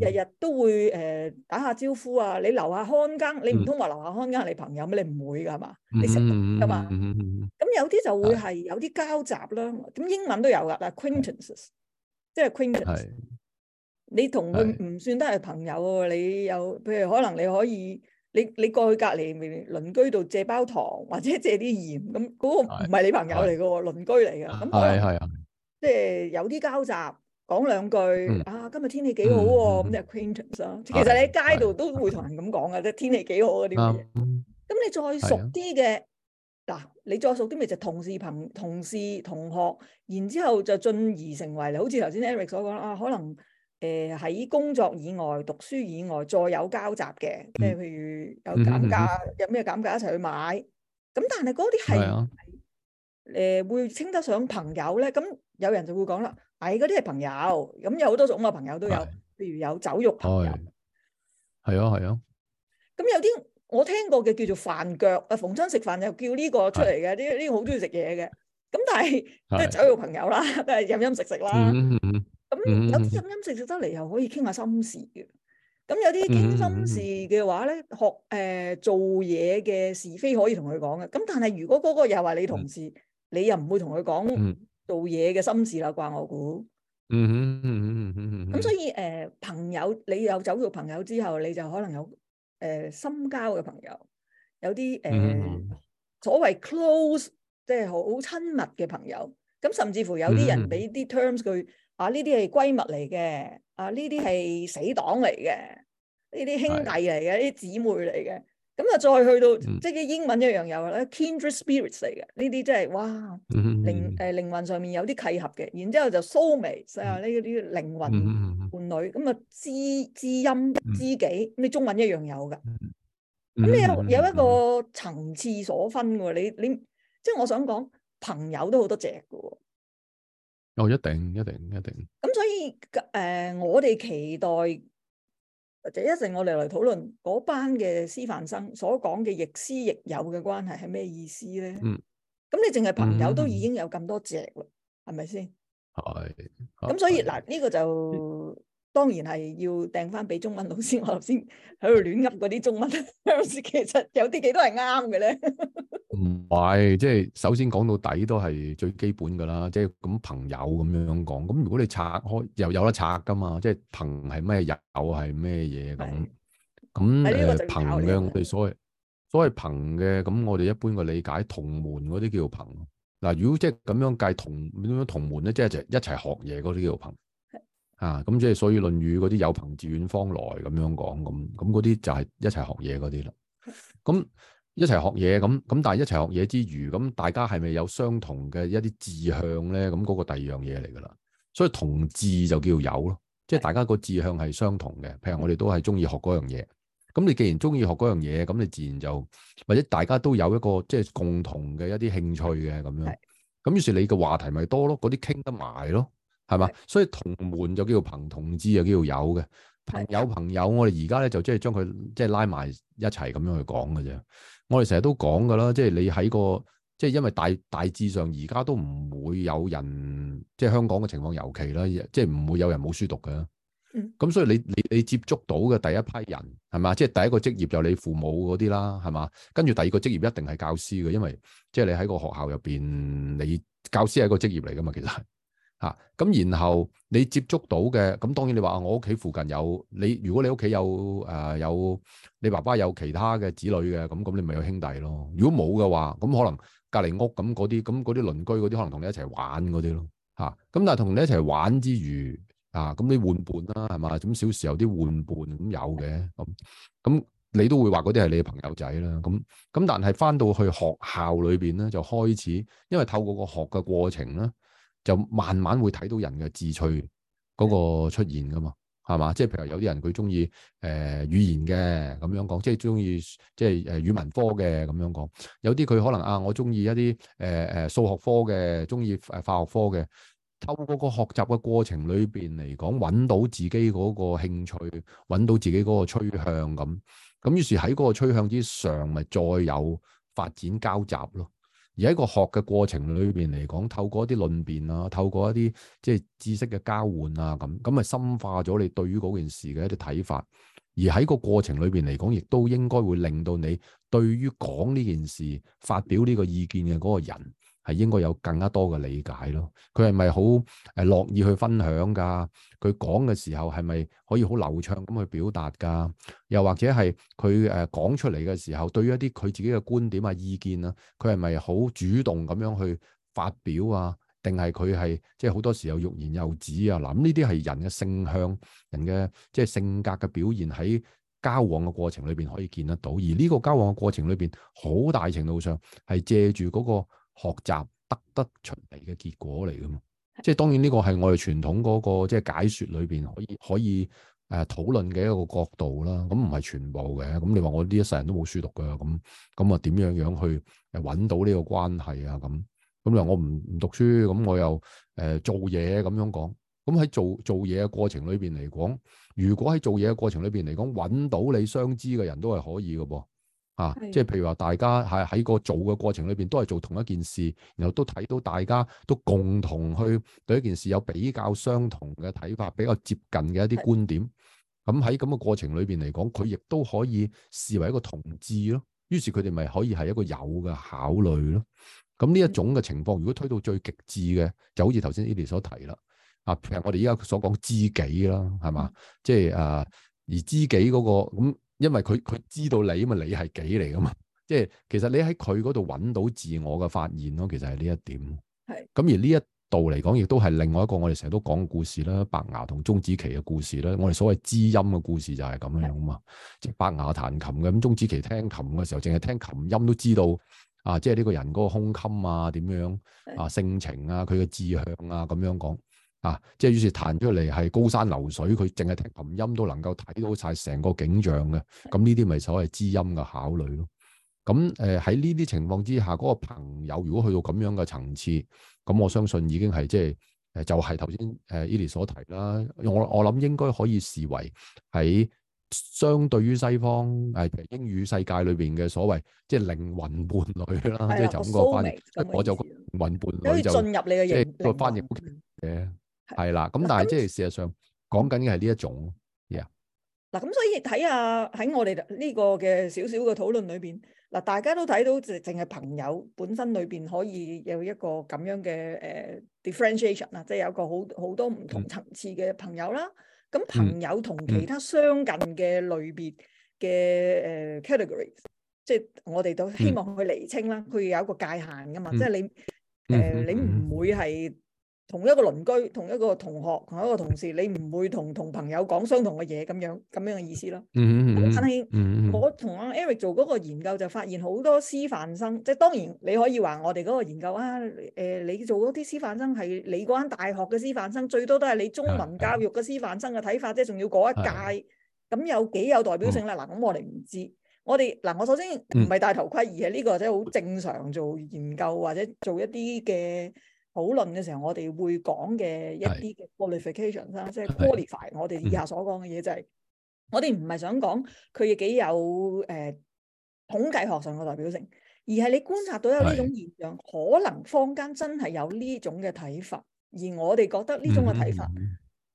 [SPEAKER 3] 你日日都會誒打下招呼啊，你留下看更，你唔通話留下看更係你朋友咩？你唔會嘅係嘛？
[SPEAKER 1] 你識噶嘛？
[SPEAKER 3] 咁有啲就會係有啲交集啦。咁英文都有噶啦，acquaintances，即係 acquaintances。你同佢唔算得係朋友喎。你有譬如可能你可以，你你過去隔籬鄰居度借包糖或者借啲鹽，咁嗰個唔係你朋友嚟嘅喎，鄰居嚟嘅。咁係係啊，即係有啲交集。講兩句啊，今日天氣幾好喎，咁你 acquaintance 啊，其實你喺街度都會同人咁講噶，即係天氣幾好嗰啲嘢。咁你再熟啲嘅嗱，你再熟啲咪就同事朋、同事同學，然之後就進而成為，好似頭先 Eric 所講啦，啊，可能誒喺工作以外、讀書以外再有交集嘅，即係譬如有減價，有咩減價一齊去買。咁但係嗰啲係誒會稱得上朋友咧？咁有人就會講啦。哎，嗰啲係朋友，咁有好多種嘅朋友都有，是譬如有酒肉
[SPEAKER 2] 朋友，係啊，係啊，
[SPEAKER 3] 咁有啲我聽過嘅叫做飯腳，啊逢親食飯又叫呢個出嚟嘅，呢呢個好中意食嘢嘅。咁、這個這個、但係都係酒肉朋友啦，是都係飲飲食食啦。
[SPEAKER 1] 咁、嗯嗯、有啲飲
[SPEAKER 3] 飲食食得嚟又可以傾下心事嘅。咁有啲傾心事嘅話咧，嗯嗯嗯、學誒、呃、做嘢嘅是非可以同佢講嘅。咁但係如果嗰個又係你同事，你又唔會同佢講。做嘢嘅心事啦，啩我估。嗯嗯
[SPEAKER 1] 嗯嗯嗯咁所
[SPEAKER 3] 以誒、呃，朋友，你有走入朋友之後，你就可能有誒、呃、深交嘅朋友，有啲誒、呃 mm hmm. 所謂 close，即係好親密嘅朋友。咁甚至乎有啲人俾啲 terms 佢，啊呢啲係閨蜜嚟嘅，啊呢啲係死黨嚟嘅，呢啲兄弟嚟嘅，呢啲是姊妹嚟嘅。咁啊，再去到即係英文一樣有嘅，啦，kindred spirits 嚟嘅，呢啲真係哇靈誒、呃、靈魂上面有啲契合嘅，然之後就 soulmate，即呢啲靈魂伴侶，咁啊知知音知己，咁你、嗯、中文一樣有㗎，咁
[SPEAKER 1] 你有有一個
[SPEAKER 3] 層次所分喎，你你即係我想講朋友都好多隻㗎喎。
[SPEAKER 2] 哦，一定一定一定。
[SPEAKER 3] 咁所以誒、呃呃，我哋期待。或者一陣我哋嚟討論嗰班嘅師範生所講嘅亦師亦友嘅關係係咩意思咧？嗯，咁你淨係朋友都已經有咁多隻啦，係咪先？
[SPEAKER 1] 係，咁、啊、所以
[SPEAKER 3] 嗱呢的個就。嗯當然係要訂翻俾中文老師，我頭先喺度亂噏嗰啲中文，係 咪其實有啲幾多係啱嘅咧？
[SPEAKER 2] 唔 係，即、就、係、是、首先講到底都係最基本噶啦。即係咁朋友咁樣講。咁如果你拆開，又有，有得拆噶嘛？即係朋係咩友係咩嘢咁？咁誒朋嘅我哋所謂的所謂朋嘅咁，我哋一般嘅理解同門嗰啲叫做朋。嗱，如果即係咁樣計同點樣同門咧，即係就是、一齊學嘢嗰啲叫做朋。啊，咁即係所以《論語》嗰啲有朋自遠方來咁樣講，咁咁嗰啲就係一齊學嘢嗰啲啦。咁一齊學嘢，咁咁但係一齊學嘢之餘，咁大家係咪有相同嘅一啲志向咧？咁嗰個第二樣嘢嚟噶啦。所以同志就叫做友咯，即係大家個志向係相同嘅。譬如我哋都係中意學嗰樣嘢，咁你既然中意學嗰樣嘢，咁你自然就或者大家都有一個即係共同嘅一啲興趣嘅咁樣。咁於是你嘅話題咪多咯，嗰啲傾得埋咯。係嘛，所以同門就叫做朋，同志就叫做友嘅。朋友的朋友，我哋而家咧就即係將佢即係拉埋一齊咁樣去講噶啫。我哋成日都講噶啦，即係你喺個即係因為大大致上而家都唔會有人，即係香港嘅情況尤其啦，即係唔會有人冇書讀嘅。嗯，咁所以你你你接觸到嘅第一批人係嘛，即係第一個職業就你父母嗰啲啦，係嘛，跟住第二個職業一定係教師嘅，因為即係你喺個學校入邊，你教師係一個職業嚟噶嘛，其實吓，咁然後你接觸到嘅，咁當然你話我屋企附近有你，如果你屋企有誒有你爸爸有其他嘅子女嘅，咁咁你咪有兄弟咯。如果冇嘅話，咁可能隔籬屋咁嗰啲，咁嗰啲鄰居嗰啲可能同你一齊玩嗰啲咯。吓，咁但係同你一齊玩之餘，啊，咁你玩伴啦係嘛，咁小時候啲玩伴咁有嘅，咁咁你都會話嗰啲係你嘅朋友仔啦。咁咁但係翻到去學校裏邊咧，就開始因為透過個學嘅過程啦。就慢慢會睇到人嘅志趣嗰個出現噶嘛，係嘛，嗯？即係譬如有啲人佢中意誒語言嘅咁樣講，即係中意即係誒語文科嘅咁樣講。有啲佢可能啊，我中意一啲誒誒數學科嘅，中意誒化學科嘅。透過個學習嘅過程裏邊嚟講，揾到自己嗰個興趣，揾到自己嗰個趨向咁。咁於是喺嗰個趨向之上，咪再有發展交集咯。而喺個學嘅過程裏邊嚟講，透過一啲論辯啊，透過一啲即係知識嘅交換啊，咁咁咪深化咗你對於嗰件事嘅一啲睇法。而喺個過程裏邊嚟講，亦都應該會令到你對於講呢件事發表呢個意見嘅嗰個人係應該有更加多嘅理解咯。佢係咪好誒樂意去分享㗎？佢講嘅時候係咪可以好流暢咁去表達㗎？又或者係佢誒講出嚟嘅時候，對於一啲佢自己嘅觀點啊、意見啊，佢係咪好主動咁樣去發表啊？定係佢係即係好多時候欲言又止啊？嗱，呢啲係人嘅性向、人嘅即係性格嘅表現，喺交往嘅過程裏邊可以見得到。而呢個交往嘅過程裏邊，好大程度上係借住嗰個。學習得得出嚟嘅結果嚟噶嘛？即係當然呢個係我哋傳統嗰、那個即係解說裏邊可以可以誒、呃、討論嘅一個角度啦。咁唔係全部嘅。咁你話我呢一世人都冇書讀㗎咁咁啊？點樣樣去誒揾到呢個關係啊？咁咁你話我唔唔讀書咁我又誒、呃、做嘢咁樣講。咁喺做做嘢嘅過程裏邊嚟講，如果喺做嘢嘅過程裏邊嚟講揾到你相知嘅人都係可以嘅噃。啊，即係譬如話大家係喺個做嘅過程裏邊都係做同一件事，然後都睇到大家都共同去對一件事有比較相同嘅睇法，比較接近嘅一啲觀點。咁喺咁嘅過程裏邊嚟講，佢亦都可以視為一個同志咯。於是佢哋咪可以係一個有嘅考慮咯。咁、嗯、呢、嗯、一種嘅情況，如果推到最極致嘅，就好似頭先 Eddie 所提啦。啊，譬如我哋依家所講知己啦，係嘛？嗯、即係啊，而知己嗰、那個咁。嗯因為佢佢知道你啊嘛，你係己嚟噶嘛，即係其實你喺佢嗰度揾到自我嘅發現咯，其實係呢一點。係是。咁而呢一度嚟講，亦都係另外一個我哋成日都講故事啦，伯牙同鍾子期嘅故事啦，我哋所謂知音嘅故事就係咁樣樣啊嘛，即係是、就是、伯牙彈琴嘅，咁鍾子期聽琴嘅時候，淨係聽琴音都知道啊，即係呢個人嗰個胸襟啊，點樣啊性情啊，佢嘅志向啊，咁樣講。啊，即係於是彈出嚟係高山流水，佢淨係聽琴音，音都能夠睇到晒成個景象嘅。咁呢啲咪所謂知音嘅考慮咯。咁誒喺呢啲情況之下，嗰、那個朋友如果去到咁樣嘅層次，咁我相信已經係即係誒就係頭先誒 Eli 所提啦。我我諗應該可以視為喺相對於西方誒、啊、英語世界裏邊嘅所謂即係、就是、靈魂伴侶啦，即係、哎、呀就咁個翻，我就個靈魂伴侶就即係個翻譯誒。係啦，咁但係即係事實上講緊嘅係呢一種，yeah。
[SPEAKER 3] 嗱，咁所以睇下喺我哋呢個嘅少少嘅討論裏邊，嗱，大家都睇到淨係朋友本身裏邊可以有一個咁樣嘅誒 differentiation 啊，即係有一個好好多唔同層次嘅朋友啦。咁朋友同其他相近嘅類別嘅誒 category，即係我哋都希望佢厘清啦，佢有一個界限噶嘛，即係你誒你唔會係。同一個鄰居、同一個同學、同一個同事，你唔會同同朋友講相同嘅嘢咁樣咁樣嘅意思咯。
[SPEAKER 1] 嗯嗯嗯。Hmm. 但係我
[SPEAKER 3] 同阿 Eric 做嗰個研究就發現好多師範生，即係當然你可以話我哋嗰個研究啊。誒、呃，你做嗰啲師範生係你嗰間大學嘅師範生，最多都係你中文教育嘅師範生嘅睇法啫，仲 Yeah, yeah. 要嗰一屆，咁有幾有代表性咧？嗱，咁我哋唔知。我哋嗱，我首先唔係戴頭盔，而係呢個就係好正常做研究或者做一啲嘅，討論嘅時候，我哋會講嘅一啲嘅 qualification 啦，即係 qualify 我哋以下所講嘅嘢就係、是，嗯、我哋唔係想講佢幾有誒、呃、統計學上嘅代表性，而係你觀察到有呢種現象，是可能坊間真係有呢種嘅睇法，而我哋覺得呢種嘅睇法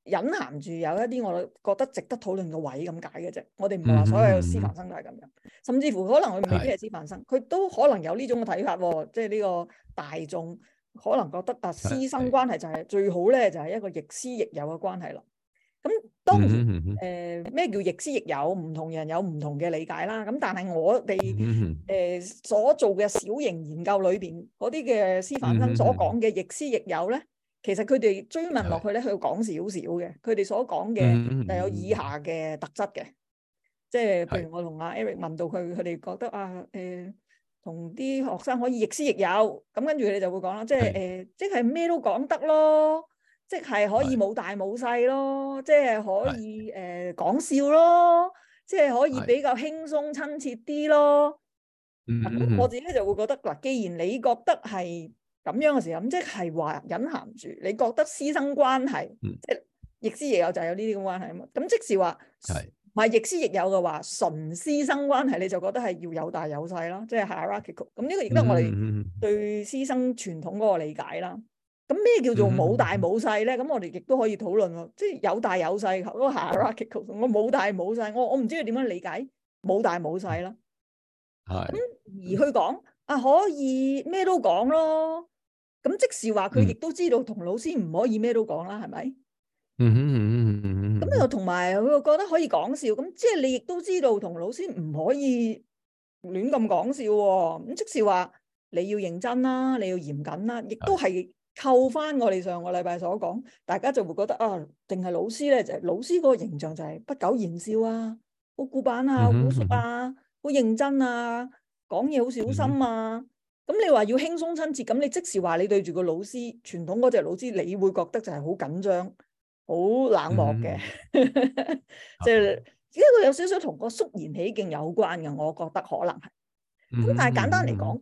[SPEAKER 3] 隱含住有一啲我覺得值得討論嘅位咁解嘅啫。我哋
[SPEAKER 1] 唔係話所有師範生
[SPEAKER 3] 都係咁樣，是甚至乎可能佢未必係師範生，佢是都可能有呢種嘅睇法，即係呢個大眾。可能覺得啊，師生關係就係、是、最好咧，就係一個亦師亦友嘅關係啦。
[SPEAKER 1] 咁當然，誒
[SPEAKER 3] 咩、嗯嗯嗯呃、叫亦師亦友？唔同人有唔同嘅理解啦。咁但係我哋誒、嗯呃、所做嘅小型研究裏邊嗰啲嘅師範生所講嘅亦師亦友咧，嗯嗯嗯、其實佢哋追問落去咧，佢要講少少嘅，佢哋所講嘅就有以下嘅特質嘅，即係譬如我同阿 Eric 問到佢，佢哋覺得啊，誒、呃。同啲學生可以亦師亦友，咁跟住你就會講啦，即係誒、呃，即係咩都講得咯，即係可以冇大冇細咯，即係可以誒講的、呃、笑咯，即係可以比較輕鬆親切啲咯。
[SPEAKER 1] 嗯的我自
[SPEAKER 3] 己就會覺得，嗱，既然你覺得係咁樣嘅時候，咁即係話隱含住你覺得師生關係，即係亦師亦友就係有呢啲咁關係啊嘛。咁即係話。係。唔係，亦師亦友嘅話，純師生關係你就覺得係要有大有細咯，即係 hierarchical。咁呢個亦都係我哋對師生傳統嗰個理解啦。咁咩、mm hmm. 叫做冇大冇細咧？咁我哋亦都可以討論喎。Mm hmm. 即係有大有細嗰個 hierarchical。我冇大冇細，我我唔知佢點樣理解冇大冇細啦。
[SPEAKER 1] 係咁、mm hmm.
[SPEAKER 3] 而去講啊，可以咩都講咯。咁即使話佢亦都知道同老師唔可以咩都講啦，係咪、mm？
[SPEAKER 1] 嗯哼嗯哼。又
[SPEAKER 3] 同埋佢又覺得可以講笑，咁即係你亦都知道，同老師唔可以亂咁講笑喎、啊。咁即是話你要認真啦、啊，你要嚴謹啦、啊，亦都係扣翻我哋上個禮拜所講，大家就會覺得啊，定係老師呢就係、是、老師嗰個形象就係不苟言笑啊，好古板啊，好熟啊，好認真啊，講嘢好小心啊。咁你話要輕鬆親切，咁你即是話你對住個老師，傳統嗰隻老師，你會覺得就係好緊張。好冷漠嘅，即係呢個有少少同個肅然起敬有關嘅，我覺得可能係。
[SPEAKER 1] 咁但係簡單嚟講，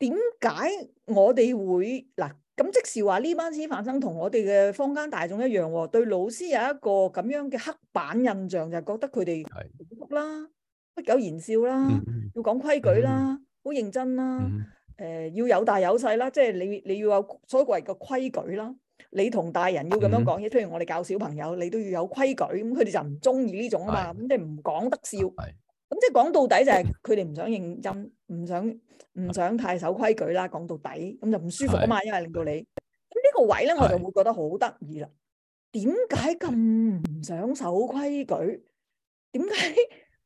[SPEAKER 3] 點解，嗯嗯、我哋會嗱咁，啊、即使話呢班師範生同我哋嘅坊間大眾一樣，對老師有一個咁樣嘅黑板印象，就係、是、覺得佢哋嚴肅啦，不苟言笑啦，嗯、要講規矩啦，好、嗯、認真啦，誒、嗯呃、要有大有細啦，即、就、係、是、你你，你要有所謂嘅規矩啦。你同大人要咁樣講嘢，雖然我哋教小朋友，你都要有規矩，咁佢哋就唔中意呢種啊嘛，咁你唔講得笑，咁的即係講到底就係佢哋唔想認真，唔想唔想太守規矩啦。講到底咁就唔舒服啊嘛，因為令到你咁呢的個位咧，我就會覺得好得意啦。點解咁唔想守規矩？點解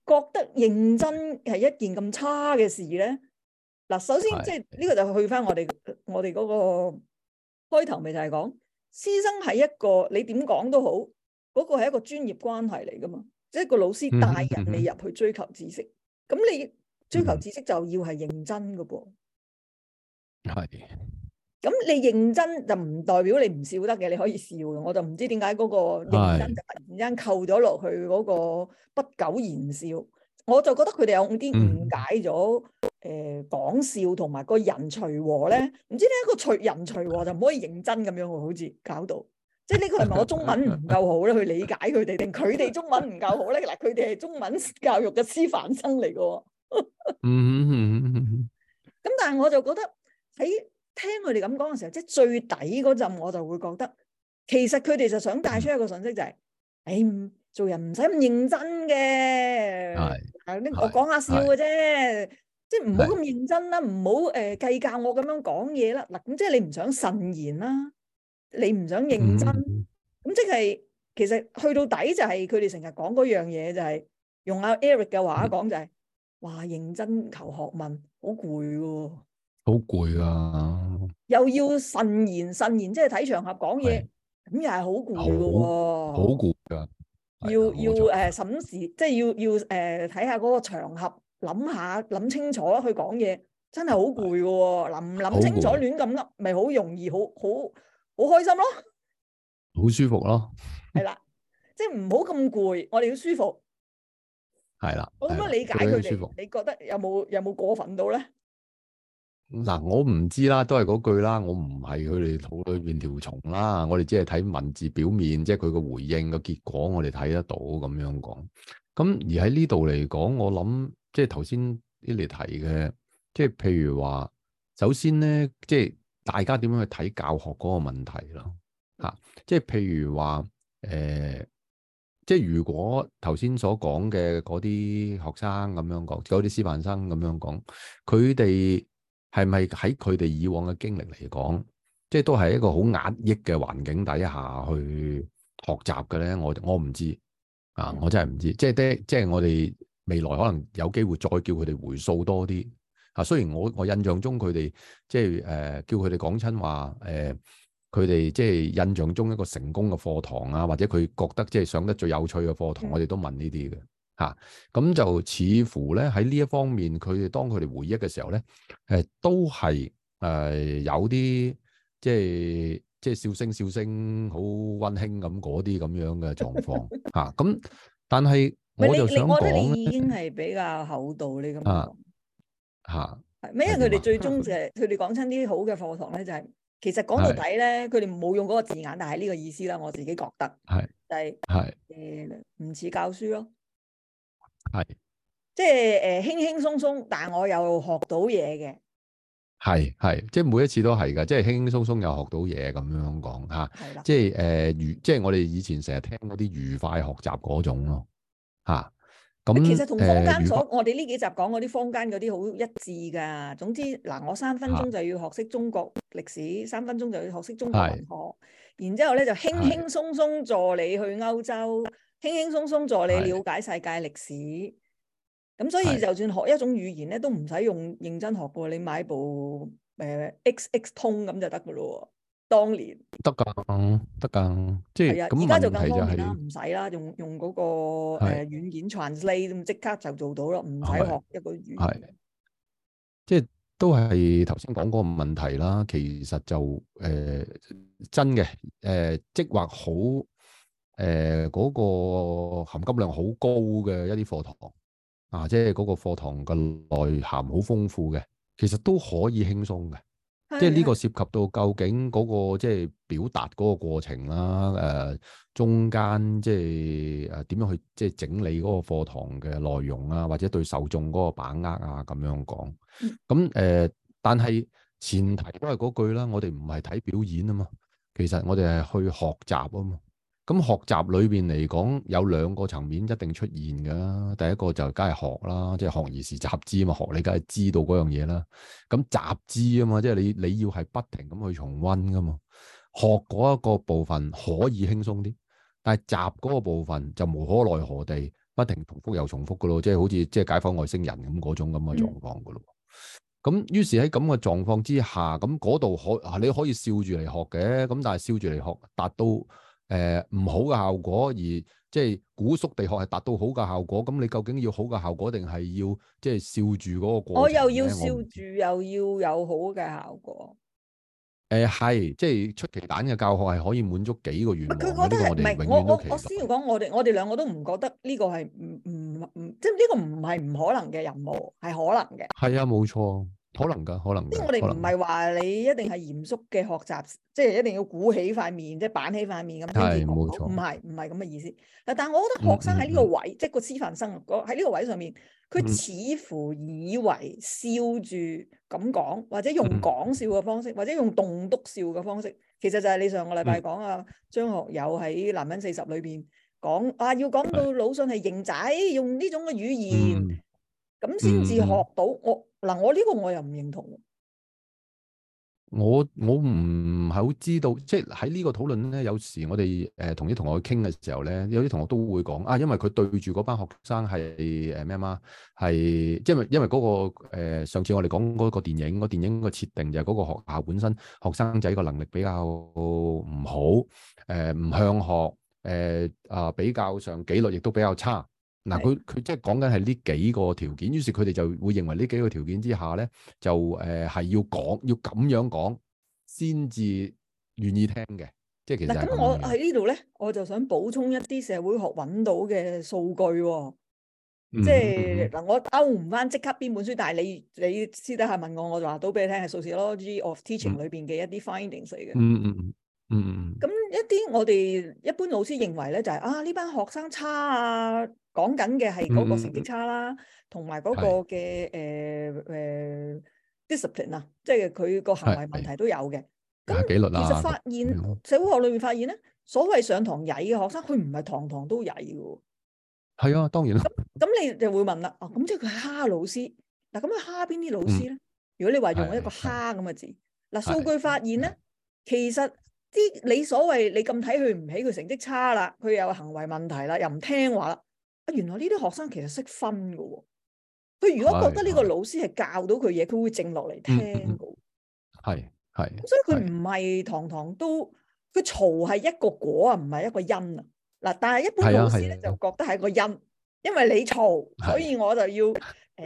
[SPEAKER 3] 覺得認真係一件咁差嘅事咧？嗱，首先的即係呢、這個就去翻我哋我哋嗰、那個、個開頭咪就係講。師生係一個，你點講都好，嗰、那個係一個專業關係嚟噶嘛，即係個老師帶引你入去追求知識，咁、嗯嗯、你追求知識就要係認真噶噃、哦。
[SPEAKER 1] 係是，
[SPEAKER 3] 咁你認真就唔代表你唔笑得嘅，你可以笑嘅。我就唔知點解嗰個認真就突然間扣咗落去嗰個不苟言笑，我就覺得佢哋有啲誤解咗。誒，講、呃、笑同埋個人隨和咧，唔知點解個隨人隨和就唔可以認真咁樣喎，好似搞到，即係呢個係咪我中文唔夠好咧， 去理解佢哋定佢哋中文唔夠好咧？嗱，佢哋係中文教育嘅師範生嚟嘅，咁、 嗯嗯嗯、但係我就覺得喺聽佢哋咁講嘅時候，即係最底嗰陣，我就會覺得其實佢哋就想帶出一個訊息就係、是，誒、欸，做人唔使咁認真嘅，係是，我講下笑嘅啫。即係唔好咁認真啦，唔好誒計較我咁樣講嘢啦。嗱，咁即係你唔想慎言啦，啊，你唔想認真，
[SPEAKER 1] 咁
[SPEAKER 3] 即係其實去到底就係佢哋成日講嗰樣嘢，就是，就係用阿 Eric 嘅話講，就係話認真求學問好攰喎，
[SPEAKER 2] 好攰啊。
[SPEAKER 3] 又要慎言慎言，即係睇場合講嘢，咁又係好攰噶喎，好攰噶，啊啊，要要誒審視，即係要要誒睇下嗰個場合。諗下諗清楚去講嘢，真係好攰嘅。嗱，唔諗清楚亂咁噏，咪好容易好好好開心咯，
[SPEAKER 2] 好舒服咯。係
[SPEAKER 3] 啦，即係唔好咁攰，我哋要舒服。
[SPEAKER 2] 係啦，我點樣理解佢哋？舒服你
[SPEAKER 3] 覺得有冇有冇過分到咧？
[SPEAKER 2] 嗱，我唔知啦，都係嗰句啦。我唔係佢哋肚裏邊條蟲啦。我哋只係睇文字表面，即係佢個回應個結果，我哋睇得到咁樣講。咁而喺呢度嚟講，我諗。我即係頭先啲嚟提嘅，即係譬如話，首先咧，即係大家點樣去睇教學嗰個問題咯？嚇、啊，即係譬如話，誒、呃，即係如果頭先所講嘅嗰啲學生咁樣講，嗰啲師範生咁樣講，佢哋係咪喺佢哋以往嘅經歷嚟講，即係都係一個好壓抑嘅環境底下去學習嘅咧？我我唔知啊，我真係唔知，即係爹，即係我哋。未來可能有機會再叫佢哋回數多啲嚇、啊，雖然我我印象中佢哋即係誒叫佢哋講親話誒，佢哋即係印象中一個成功嘅課堂啊，或者佢覺得即係上得最有趣嘅課堂，我哋都問呢啲嘅嚇，咁、啊、就似乎咧喺呢一方面，佢哋當佢哋回憶嘅時候咧，誒、呃、都係誒、呃、有啲即係即係笑聲笑聲好溫馨咁嗰啲咁樣嘅狀況嚇，咁、啊、但係。我覺得你已
[SPEAKER 3] 經係比較厚道呢咁講嚇。咩？因為佢哋最終就係佢哋講親啲好嘅課堂咧，就係其實講到底咧，佢哋冇用嗰個字眼，但係呢個意思啦。我自己覺得係就係係唔似教書咯，
[SPEAKER 2] 係
[SPEAKER 3] 即係誒輕輕鬆鬆，但我又學到嘢嘅。
[SPEAKER 2] 係係，即係每一次都係㗎，即係輕輕鬆鬆又學到嘢咁樣講嚇。係啦，即係誒愉，即係我哋以前成日聽嗰啲愉快學習嗰種咯。吓咁，啊、其實同坊間所、
[SPEAKER 3] 呃、我哋呢幾集講嗰啲坊間嗰啲好一致噶。總之嗱，我三分鐘就要學識中國歷史，啊、三分鐘就要學識中國文學，是然之後咧就輕輕鬆鬆助你去歐洲，輕輕鬆鬆助你了解世界歷史。咁是所以就算學一種語言咧，是都唔使用，用認真學過，你買部誒 X X 通咁就得噶咯。
[SPEAKER 2] 當年得噶，得噶，即係咁的問題就係唔
[SPEAKER 3] 使啦，用用嗰、那個誒軟的、呃、件 translate 咁即刻就做到咯，唔使學一個語言，係，
[SPEAKER 2] 即係都係頭先講嗰個問題啦。其實就誒、呃、真嘅，誒、呃、即或好誒嗰、呃那個含金量好高嘅一啲課堂啊，即係嗰個課堂嘅內涵好豐富嘅，其實都可以輕鬆嘅。即係呢個涉及到究竟嗰、那個即係、就是、表達嗰個過程啦、啊，誒、呃，中間即係誒點樣去即係、就是、整理嗰個課堂嘅內容啊，或者對受眾嗰個把握啊，咁樣講。咁誒、呃，但係前提都係嗰句啦，我哋唔係睇表演啊嘛，其實我哋係去學習啊嘛。咁學習裏邊嚟講，有兩個層面一定出現㗎。第一個就梗係學啦，即係學而時習之啊嘛。學，你梗係知道嗰樣嘢啦。咁、嗯、習之啊嘛，即係你你要係不停咁去重温㗎嘛。學嗰一個部分可以輕鬆啲，但係習嗰個部分就無可奈何地不停重複又重複㗎咯。即係好似即係解放外星人咁嗰種咁嘅狀況㗎咯。咁於、嗯、是喺咁嘅狀況之下，咁嗰度可你可以笑住嚟學嘅，咁但係笑住嚟學達到。誒，呃，唔好嘅效果而即係古縮地學係達到好嘅效果，咁你究竟要好嘅效果定係要即係笑住嗰個過？我又要笑
[SPEAKER 3] 住，又要有好嘅效果。
[SPEAKER 2] 誒、呃，係即係出奇蛋嘅教學係可以滿足幾個願望咧？佢覺得係。我我我
[SPEAKER 3] 先要講，我哋我哋兩個都唔覺得呢個係唔唔唔，即係呢個唔係唔可能嘅任務，係可能嘅。
[SPEAKER 2] 係啊，冇錯。可能噶，可能即係我哋唔
[SPEAKER 3] 係話你一定係嚴肅嘅學習，即係一定要鼓起塊面，即係板起塊面咁。係冇錯，唔係唔係咁嘅意思。但係我覺得學生喺呢個位，即係個師範生，個喺呢個位上面，佢似乎以為笑住咁講，或者用講笑嘅方式，或者用棟篤笑嘅方式，其實就係你上個禮拜講阿張學友喺《男人四十》裏邊講啊，要講到魯迅係型仔，用呢種嘅語言咁先至學到我。
[SPEAKER 2] 嗱，我呢個我又唔認同我。我我唔係好知道，即係喺呢個討論咧，有時我哋誒、呃、同啲同學傾嘅時候咧，有啲同學都會講啊，因為佢對住嗰班學生係誒咩嘛，係、呃、即係因為因為嗰個、呃、上次我哋講嗰個電影，個電影個設定就係嗰個學校、啊、本身學生仔個能力比較唔好，誒、呃、唔向學，誒、呃、啊、呃、比較上紀律亦都比較差。嗱，佢佢即係講緊係呢幾個條件，於是佢哋就會認為呢幾個條件之下咧，就誒係、呃、要講，要咁樣講先至願意聽嘅，即係其實咁，那麼 樣我喺
[SPEAKER 3] 呢度咧，我就想補充一啲社會學揾到嘅數據喎、哦，
[SPEAKER 1] 即係嗱
[SPEAKER 3] 我打唔翻即刻邊本書，但係你你私底下問我，我就話到俾你聽係 sociology of teaching 裏邊嘅一啲 findings 嚟嘅、嗯，嗯嗯嗯。
[SPEAKER 1] 嗯，
[SPEAKER 3] 咁一啲我哋一般老師認為咧，就係啊呢班學生差啊，講緊嘅係嗰個成績差啦，同埋嗰個嘅誒誒 discipline 啊，即係佢個行為問題都有嘅。
[SPEAKER 1] 咁紀律啊，
[SPEAKER 2] 其實發
[SPEAKER 3] 現社會學裏面發現咧，所謂上堂曳嘅學生，佢唔係堂堂都曳嘅。
[SPEAKER 2] 係啊，當然啦。
[SPEAKER 3] 咁你就會問啦，哦，咁即係佢係蝦老師，嗱，咁佢蝦邊啲老師咧？如果你話用一個蝦咁嘅字，嗱，數據發現咧，其實。啲你所謂你咁睇佢唔起佢成績差啦，佢又行為問題啦，又唔聽話啦。啊，原來呢啲學生其實識分㗎喎。佢如果覺得呢個老師係教到佢嘢，佢會靜落嚟聽
[SPEAKER 1] 㗎。
[SPEAKER 2] 係，係，
[SPEAKER 3] 所以佢唔係堂堂都佢，嘈係一個果啊，唔係一個因啊。嗱，但係一般老師咧就覺得係個因，因為你嘈，所以我就要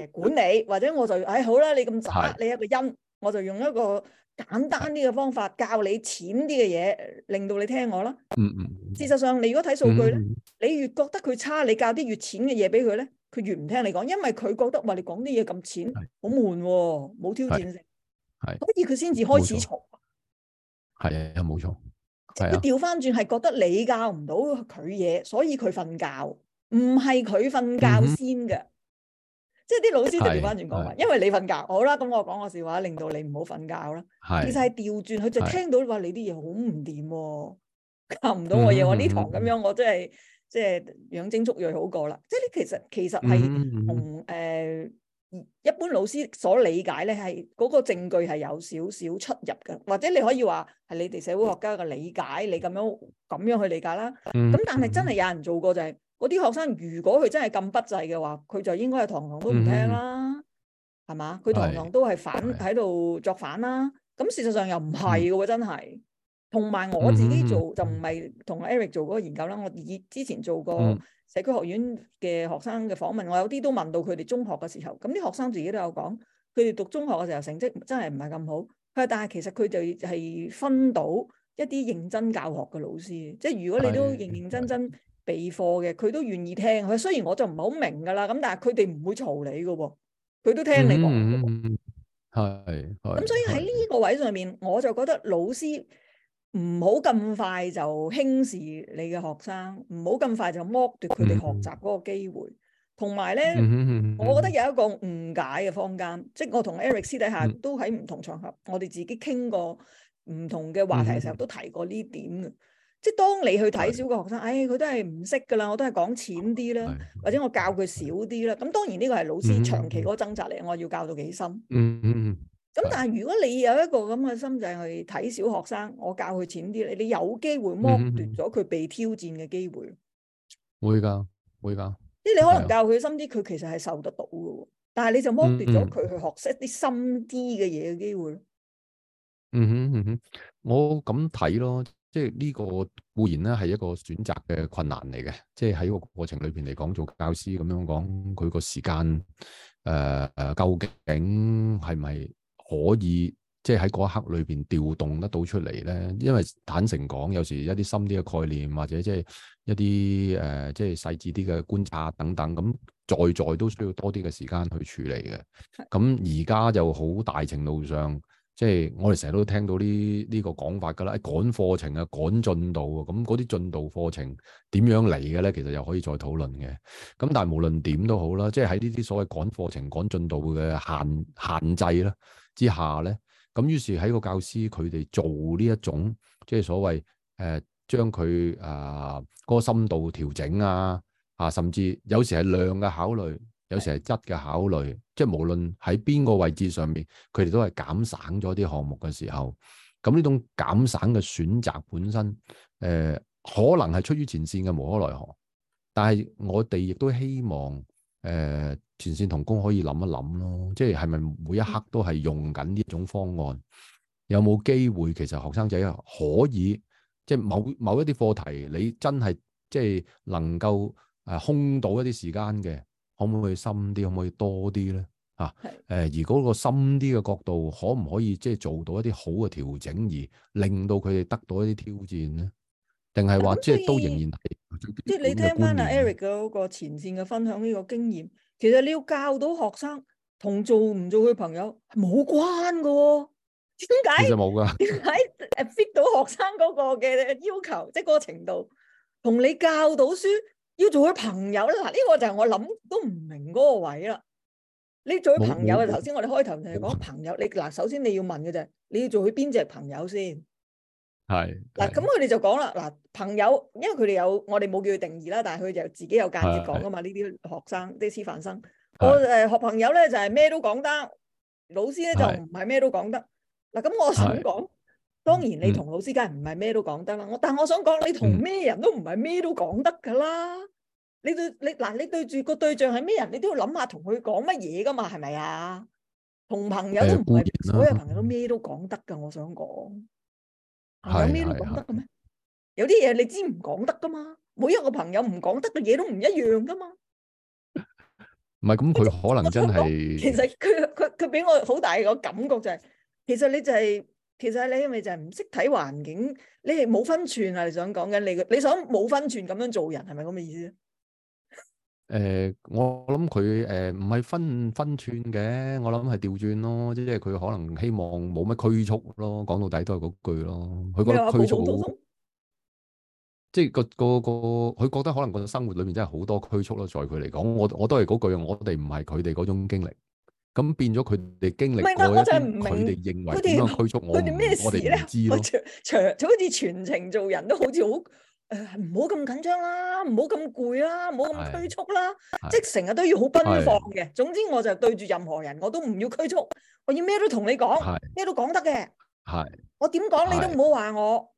[SPEAKER 3] 誒管你，或者我就誒好啦，你咁渣，你一個因。我就用一個簡單啲嘅方法的教你淺啲嘅嘢，令到你聽我啦、嗯。
[SPEAKER 1] 嗯嗯。事實
[SPEAKER 3] 上，你如果睇數據咧，嗯、你越覺得佢差，你教啲越淺嘅嘢俾佢咧，佢越唔聽你講，因為佢覺得話你講啲嘢咁淺，好悶喎，冇、哦、挑戰
[SPEAKER 2] 性。係。
[SPEAKER 3] 所以佢先至開始嘈。
[SPEAKER 2] 係啊，冇錯。佢調
[SPEAKER 3] 翻轉係覺得你教唔到佢嘢，所以佢瞓覺，唔係佢瞓覺先嘅。嗯嗯即係啲老師就調翻轉講話，是因為你瞓覺，是好啦，咁我講個笑話，令到你唔好瞓覺啦。是其實係調轉，佢就聽到話是你啲嘢好唔掂喎，教唔到我嘢。我呢、嗯、堂咁樣，我真係即係養精蓄銳好過啦。即係你其實其實係同誒一般老師所理解咧，係嗰個證據係有少少出入嘅，或者你可以話係你哋社會學家嘅理解，你咁樣咁樣去理解啦。咁但係真係有人做過就係、是。嗰啲學生，如果佢真係咁不濟嘅話，佢就應該係堂都、嗯、堂堂都唔聽啦，係嘛的？佢堂堂都係反喺度作反啦。咁事實上又唔係喎，真係。同埋我自己做、嗯、就唔係同 Eric 做嗰個研究啦。我以之前做過社區學院嘅學生嘅訪問，我有啲都問到佢哋中學嘅時候，咁啲學生自己都有講，佢哋讀中學嘅時候成績真係唔係咁好。佢但係其實佢就係分到一啲認真教學嘅老師，即係如果你都認認真真，備課嘅，佢都願意聽。佢雖然我就唔係好明噶啦，咁但係佢哋唔會嘈你噶，佢都聽你講。
[SPEAKER 1] 係，咁所以
[SPEAKER 3] 喺呢個位上面，嗯嗯嗯、我就覺得老師唔好咁快就輕視你嘅學生，唔好咁快就剝奪佢哋學習嗰個機會。同埋咧，嗯嗯嗯嗯、我覺得有一個誤解嘅坊間，即係我同 Eric 私底下都喺唔同場合，我哋自己傾過唔同嘅話題嘅時候都提過呢點嘅。即係當你去睇小個學生，唉的，佢、哎、都係唔識噶啦，我都係講淺啲啦，的或者我教佢少啲啦。咁當然呢個係老師長期嗰個掙扎嚟，嗯、我要教到幾深。嗯，
[SPEAKER 1] 嗯
[SPEAKER 3] 嗯。咁但係如果你有一個咁嘅心，就係、去、睇小學生，我教佢淺啲咧，你有機會剝奪咗佢被挑戰嘅機會。
[SPEAKER 2] 會㗎、嗯嗯嗯，會㗎。會即係你可能教
[SPEAKER 3] 佢深啲，佢的其實係受得到嘅，但係你就剝奪咗佢去學識啲深啲嘅嘢嘅機
[SPEAKER 1] 會。嗯
[SPEAKER 2] 哼嗯哼、嗯嗯，我咁睇咯。即係呢個固然咧，係一個選擇嘅困難嚟嘅，即係喺個過程裏邊嚟講做教師咁樣講，佢個時間誒誒究竟係咪可以即係喺嗰一刻裏邊調動得到出嚟咧？因為坦誠講，有時一啲深啲嘅概念或者即係一啲誒、呃、即係細緻啲嘅觀察等等，咁在在都需要多啲嘅時間去處理嘅。咁而家就好大程度上。即係我哋成日都聽到呢呢、呢個講法㗎啦，哎，趕課程啊，趕進度，咁嗰啲進度課程點樣嚟嘅咧？其實又可以再討論嘅。咁、嗯、但係無論點都好啦，即係喺呢啲所謂趕課程、趕進度嘅限限制啦之下咧，咁、嗯、於是喺個教師佢哋做呢一種即係所謂誒、呃、將佢啊嗰個深度調整啊啊，甚至有時係量嘅考慮。有時係質嘅考慮，即係無論喺邊個位置上面，佢哋都係減省咗啲項目嘅時候，咁呢種減省嘅選擇本身，誒、呃、可能係出於前線嘅無可奈何，但係我哋亦都希望誒、呃、前線同工可以諗一諗咯，即係係咪每一刻都係用緊呢種方案，有冇機會其實學生仔可以即係某某一啲課題，你真係即係能夠誒空到一啲時間嘅？可唔可以深啲？可唔可以多啲咧？啊，誒，而嗰個深啲嘅角度，可唔可以即係做到一啲好嘅調整，而令到佢哋得到一啲挑戰咧？定係話即係都仍然係。即係你聽翻阿 Eric
[SPEAKER 3] 嗰個前線嘅分享呢個經驗，其實你要教到學生同做唔做佢朋友冇關㗎喎，點解？其實冇㗎。點解誒 fit 到學生嗰個嘅要求，即係嗰個程度，同你教到書？要做佢朋友咧，嗱、這、呢個就係我諗都唔明嗰個位啦。你做佢朋友啊，頭先有我哋開頭就係講朋友，有你嗱，首先你要問嘅就係，你要做佢邊隻朋友先。
[SPEAKER 1] 係
[SPEAKER 3] 嗱，咁佢哋就講啦，嗱，朋友，因為佢哋有我哋冇叫佢定義啦，但係佢就自己有間接講噶嘛。呢啲學生啲師範生，是我誒、就是、學朋友咧就係、是、咩都講得，老師咧是就唔係咩都講得。嗱，咁我想講。當然你同老師梗係唔係咩都講得啦，我但係我想講你同咩人都唔係咩都講得噶啦。你對你嗱，你對住個對象係咩人，你都要諗下同佢講乜嘢噶嘛，係咪啊？同朋友都唔係，所有朋友都咩都講得噶。我想講，
[SPEAKER 1] 係咩都講得嘅
[SPEAKER 3] 咩？有啲嘢你知唔講得噶嘛？每一個朋友唔講得嘅嘢都唔一樣噶嘛。
[SPEAKER 2] 唔係咁，佢可能真係。其實
[SPEAKER 3] 佢佢佢俾我好大個感覺就係，其實你就係。其實你係咪就係唔識睇環境？你係冇分寸啊！你想講緊你，你想冇分寸咁樣做人，係咪咁嘅意思？誒、
[SPEAKER 2] 呃，我諗佢誒唔係分分寸嘅，我諗係調轉咯，即係佢可能希望冇乜拘束咯。講到底都係嗰句咯，佢覺得拘束，即係個個佢覺得可能個生活裏面真係好多拘束咯。在佢嚟講，我我都係嗰句，我哋唔係佢哋嗰種經歷。咁變咗佢哋經歷，佢哋認為點樣拘束我，我哋知咯，
[SPEAKER 3] 全佢好似全程做人都好似好誒，唔好咁緊張啦，唔好咁攰啦，唔好咁拘束啦，即係成日都要好奔放嘅。總之我就對住任何人，我都唔要拘束。我要咩都同你講，咩都講得嘅。係我點講你都唔好話我，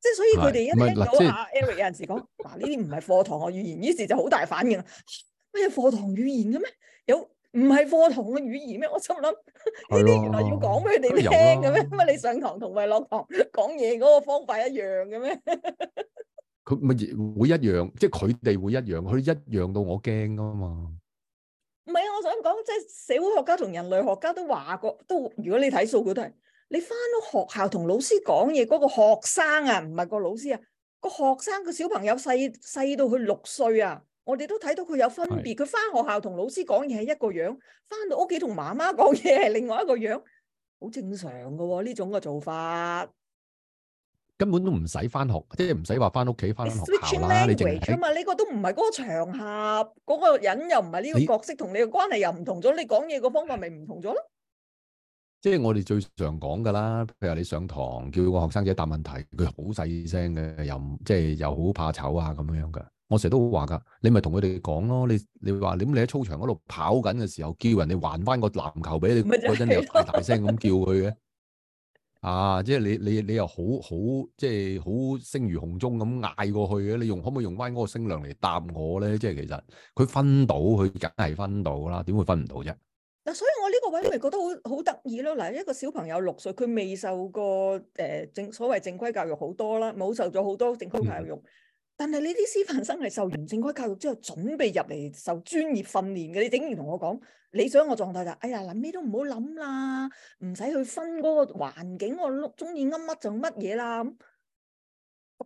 [SPEAKER 3] 即係所以佢哋一聽到阿 Eric 有陣時講，嗱，呢啲唔係課堂語言，於是就好大反應。咩課堂語言嘅咩有？唔係課堂嘅語言咩？我心諗呢
[SPEAKER 1] 啲原來要講
[SPEAKER 3] 俾佢哋聽嘅咩？乜你上堂同埋落堂講嘢嗰個方法一樣嘅咩？
[SPEAKER 2] 佢 咪會一樣，即係佢哋會一樣，佢一樣到我驚噶嘛？
[SPEAKER 3] 唔係啊！我想講，即係社會學家同人類學家都話過，都如果你睇數據都係，你翻到學校同老師講嘢嗰個學生啊，唔係個老師啊，個學生個小朋友細細到佢六歲啊。我哋都睇到佢有分別，佢翻學校同老師講嘢係一個樣，翻到屋企同媽媽講嘢係另外一個樣，好正常噶喎呢種嘅做法。
[SPEAKER 2] 根本都唔使翻學，即係唔使話翻屋企翻學校啦。你淨係啊嘛，
[SPEAKER 3] 呢個都唔係嗰個場合，嗰個人又唔係呢個角色，同你嘅關係又唔同咗，你講嘢個方法咪唔同咗咯？
[SPEAKER 2] 即係我哋最常講噶啦，譬如你上堂叫個學生仔答問題，佢好細聲嘅，又即係又好怕醜啊咁樣嘅。我成日都好話㗎，你咪同佢哋講咯。你你話點？你喺操場嗰度跑緊嘅時候，叫人哋還翻個籃球俾你嗰陣，你又大大聲咁叫佢嘅。啊，即係你你你又好好即係好聲如洪鐘咁嗌過去嘅。你用可唔可以用翻嗰個聲量嚟答我咧？即係其實佢分到，佢梗係分到啦。點會分唔到啫？
[SPEAKER 3] 嗱， 所以我呢個位你咪覺得好好得意咯。嗱，一個小朋友六歲，佢未受過誒正、呃、所謂正，正規教育好多啦，冇受咗好多正規教育。 但係呢啲師範生係受完正規教育之後，準備入嚟受專業訓練嘅。你竟然同我講，你想我狀態就，哎呀，諗，咩都唔好諗啦，唔使去分嗰個環境，我中意噏乜就乜嘢啦。咁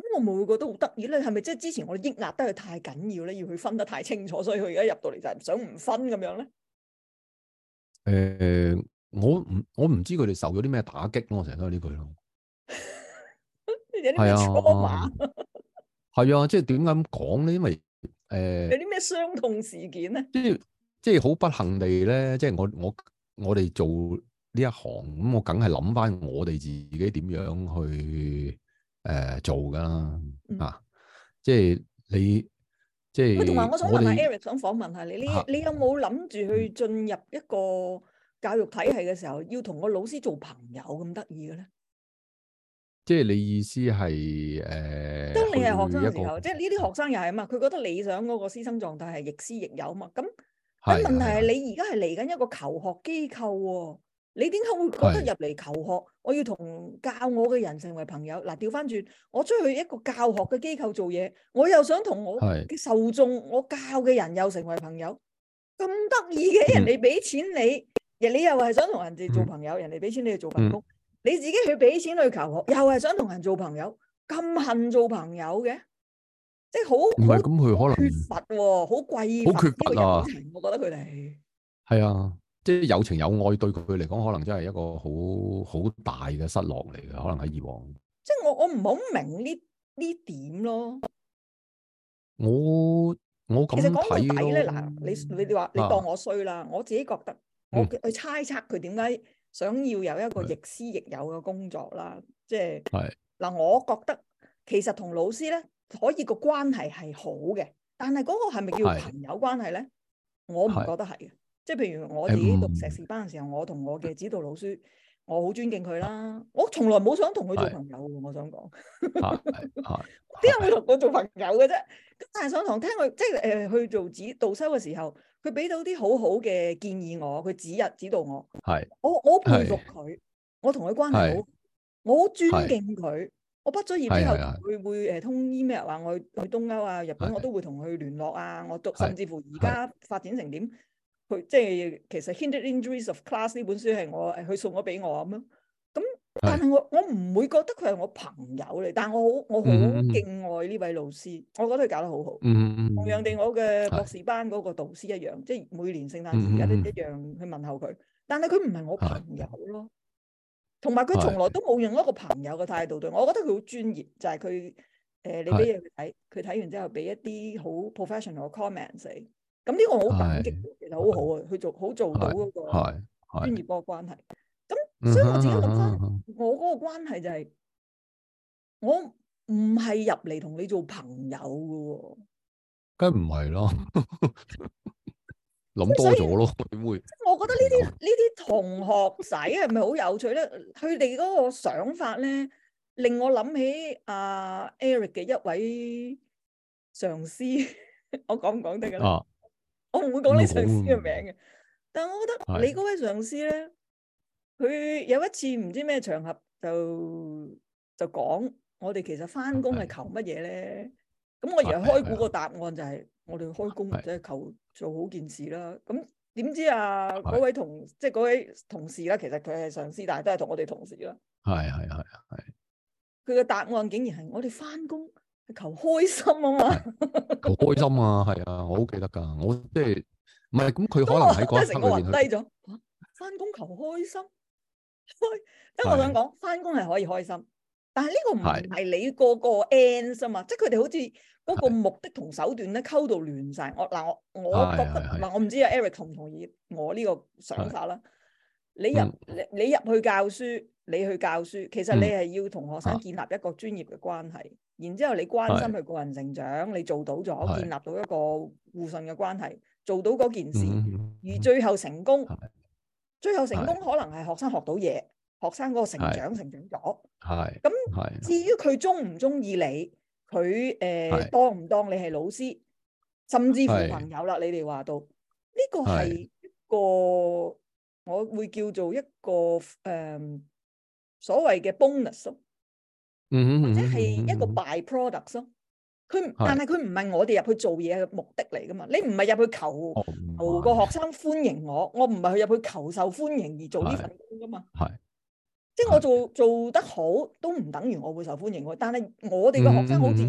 [SPEAKER 3] 咁，我每個都好得意咧？係咪即係之前我哋抑壓得佢太緊要咧，要去分得太清楚，所以佢而家入到嚟就係想唔分咁樣咧？
[SPEAKER 2] 誒、欸，我唔我唔知佢哋受咗啲咩打擊咯，我成日都係呢句咯，
[SPEAKER 3] 係 啊。
[SPEAKER 2] 係、呃呃、啊，即係點解咁講咧？因為誒，有
[SPEAKER 3] 啲咩傷痛事件咧？即
[SPEAKER 2] 係即係好不幸地咧，即係我我我哋做呢一行，咁我梗係諗翻我哋自己點樣去誒做噶啦啊！即係你即係。同埋，我想問
[SPEAKER 3] 下 Eric，們想訪問下你，你你有冇諗住去進入一個教育體系嘅時候，要同個老師做朋友咁得意嘅咧？
[SPEAKER 2] 即係你意思係誒，當、呃、你係學生嘅時候，即係
[SPEAKER 3] 呢啲學生又係啊嘛，佢覺得理想嗰個師生狀態係亦師亦友啊嘛。咁
[SPEAKER 2] 問題係你
[SPEAKER 3] 而家係嚟緊一個求學機構喎、哦，你點解會覺得入嚟求學，我要同教我嘅人成為朋友？嗱，調翻轉，我出去一個教學嘅機構做嘢，我又想同我嘅受眾，是的 我教嘅人又成為朋友，咁得意嘅？人哋俾錢你，亦、嗯、你又係想同人哋做朋友，嗯、人哋俾錢你去做份工。你自己去俾錢去求，又係想同人做朋友，咁恨做朋友嘅，即係好
[SPEAKER 1] 唔係咁？佢可能缺
[SPEAKER 2] 乏
[SPEAKER 3] 喎、哦，好貴，好缺乏啊！啊我覺得佢哋
[SPEAKER 2] 係啊，即係有情有愛對佢嚟講，可能真係一個好好大嘅失落嚟嘅，可能喺以往。即
[SPEAKER 3] 係我我唔好明呢呢點咯。
[SPEAKER 2] 我我咁樣睇咧嗱，
[SPEAKER 3] 你你哋話你當我衰啦，啊、我自己覺得我去猜測佢點解。想要有一個亦師亦友嘅工作啦，即係嗱是，我覺得其實同老師咧可以個關係係好嘅，但係嗰個係咪叫朋友關係咧？是我唔覺得係嘅。是即係譬如我自己讀碩士班嘅時候，我同我嘅指導老師，我好尊敬佢啦，是我從來冇想同佢做朋友。是我想講，點解會同我做朋友嘅啫？咁但係想堂聽佢即係誒去做指導修嘅時候。佢俾到啲好好嘅建議我，佢指日指導我，是我我佩服佢，我同佢是關係好，是我好尊敬佢。是我畢咗業之後，佢會誒通 email 話、啊、我去東歐啊、日本，我都會同佢聯絡啊。是我甚至乎而家發展成點？佢即係其實《Hidden Injuries of Class》呢本書係我誒佢送咗俾我咁樣。
[SPEAKER 1] 咁但
[SPEAKER 3] 係我我唔會覺得佢係我朋友嚟，但我好我好敬愛呢位老師，嗯、我覺得佢搞得好好。
[SPEAKER 1] 嗯、同樣地，
[SPEAKER 3] 我嘅博士班嗰個導師一樣，嗯、即係每年聖誕節一樣去問候佢。但係佢唔係我朋友咯，嗯、同埋佢從來都冇用一個朋友嘅態度對我。我覺得佢好專業，就係佢誒，你俾嘢佢睇，佢睇、嗯、完之後俾一啲好 professional 嘅 comments、嗯。咁呢個我好感激，其實、嗯嗯、好好啊，去做好做到嗰個專業嗰個關係。
[SPEAKER 1] 所
[SPEAKER 3] 以我自己諗翻，我嗰個關係就係，我唔係入嚟同你做朋友噶，
[SPEAKER 2] 梗係唔係咯，諗多咗咯，點會？
[SPEAKER 3] 我覺得呢啲呢啲同學仔係咪好有趣咧？佢哋嗰個想法咧，令我諗起阿 Eric 嘅一位上司，我講唔講得噶？我唔會講你上司嘅名嘅，但係我覺得你嗰位上司咧。佢有一次唔知咩場合就就講，我哋其實翻工，係求乜嘢咧？咁我而家開估個答案就係，我哋開工即係求做好件事啦。咁點知啊嗰位同即係嗰位同事啦，其實佢係上司，但係都係同我哋同事啦。
[SPEAKER 2] 係係係啊，係
[SPEAKER 3] 佢嘅答案竟然係我哋翻工係求開心啊嘛！
[SPEAKER 2] 求開心啊，係啊，我好記得噶，我即係唔係咁，佢可能喺嗰一刻裏面
[SPEAKER 3] 去翻工求開心。因為我想講翻工係可以開心，但係呢個唔係你個個 end 啊嘛，即係佢哋好似嗰個目的同手段咧，溝到亂晒。我嗱我我覺得，嗱我唔知啊 Eric 同唔同意我呢個想法啦。你入你入去教書，你去教書，其實你係要同學生建立一個專業嘅關係，然之後你關心佢個人成長，你做到咗，建立到一個互信嘅關係，做到嗰件事，而最後成功。最後成功可能係學生學到嘢，學生嗰個成長成長咗。
[SPEAKER 1] 係，咁
[SPEAKER 3] 至於佢鍾唔鍾意你，佢誒當唔當你係老師，甚至乎朋友啦，你哋話到呢個係一個，我會叫做一個誒所謂嘅 bonus，或
[SPEAKER 1] 者係一個
[SPEAKER 3] byproducts 咯。佢但係佢唔係我哋入去做嘢嘅目的嚟噶嘛？你唔係入去求求個學生歡迎我，我唔係去入去求受歡迎而做呢份工噶嘛？係，即係我做做得好都唔等於我會受歡迎。但係我哋個學生好似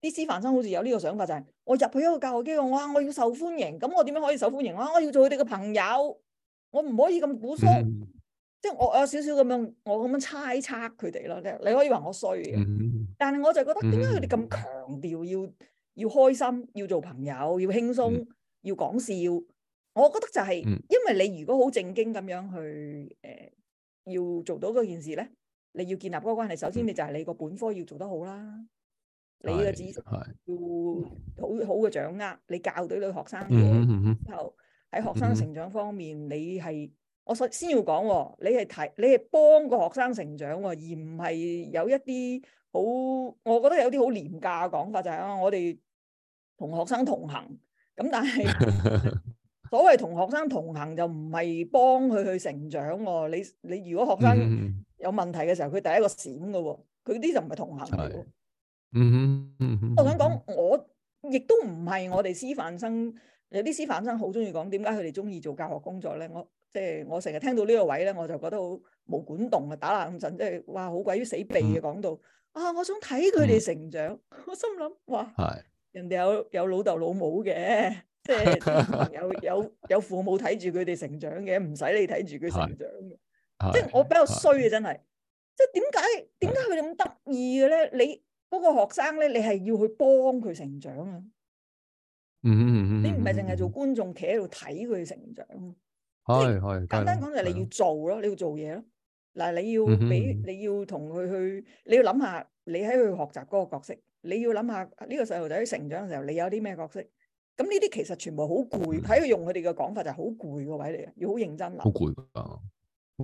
[SPEAKER 3] 啲師範生好似有呢個想法就係、是，我入去一個教育機構，我話我要受歡迎，咁我點樣可以受歡迎啊？我要做佢哋嘅朋友，我唔可以咁古松。嗯即係我有少少咁樣，我咁樣猜測佢哋咯。即係你可以話我衰嘅，嗯、但係我就覺得，點解佢哋咁強調要要開心，要做朋友，要輕鬆，嗯、要講笑？我覺得就係，因為你如果好正經咁樣去誒、呃，要做到嗰件事咧，你要建立嗰個關係，首先就你就係你個本科要做得好啦，嗯、你嘅知識要好好嘅掌握，你教到你學生嘢，嗯嗯嗯嗯、然後喺學生成長方面，你係。我首先要講喎，你係提你係幫個學生成長喎，而唔係有一啲好，我覺得有啲好廉價嘅講法就係啊，我哋同學生同行咁，但係所謂同學生同行就唔係幫佢去成長喎。你你如果學生有問題嘅時候，佢第一個閃㗎喎，佢啲就唔係同行嘅。
[SPEAKER 1] 嗯嗯，我想講，
[SPEAKER 3] 我亦都唔係我哋師範生。有啲師範生好中意講點解佢哋中意做教學工作咧，我。即係我成日聽到呢個位咧，我就覺得好毛管戙啊！打冷震，即係哇，好鬼死悲嘅講到、嗯、啊！我想睇佢哋成長，嗯、我心諗哇，的人哋有有老豆老母嘅，即係 有有有父母睇住佢哋成長嘅，唔使你睇住佢成長嘅。的即係我比較衰啊真係，即係點解點解佢哋咁得意嘅咧？你嗰、嗰個學生咧，你係要去幫佢成長啊、
[SPEAKER 1] 嗯！嗯嗯嗯，嗯嗯你唔係淨
[SPEAKER 3] 係做觀眾企喺度睇佢成長。
[SPEAKER 1] 即係簡單講就
[SPEAKER 3] 係你要做咯，你要做嘢咯。嗱，你要俾你要同佢去，你要諗下你喺佢學習嗰個角色，你要諗下呢個細路仔成長嘅時候，你有啲咩角色？咁呢啲其實全部好攰，睇佢用佢哋嘅講法就係好攰個位嚟嘅，要好認真諗。好攰。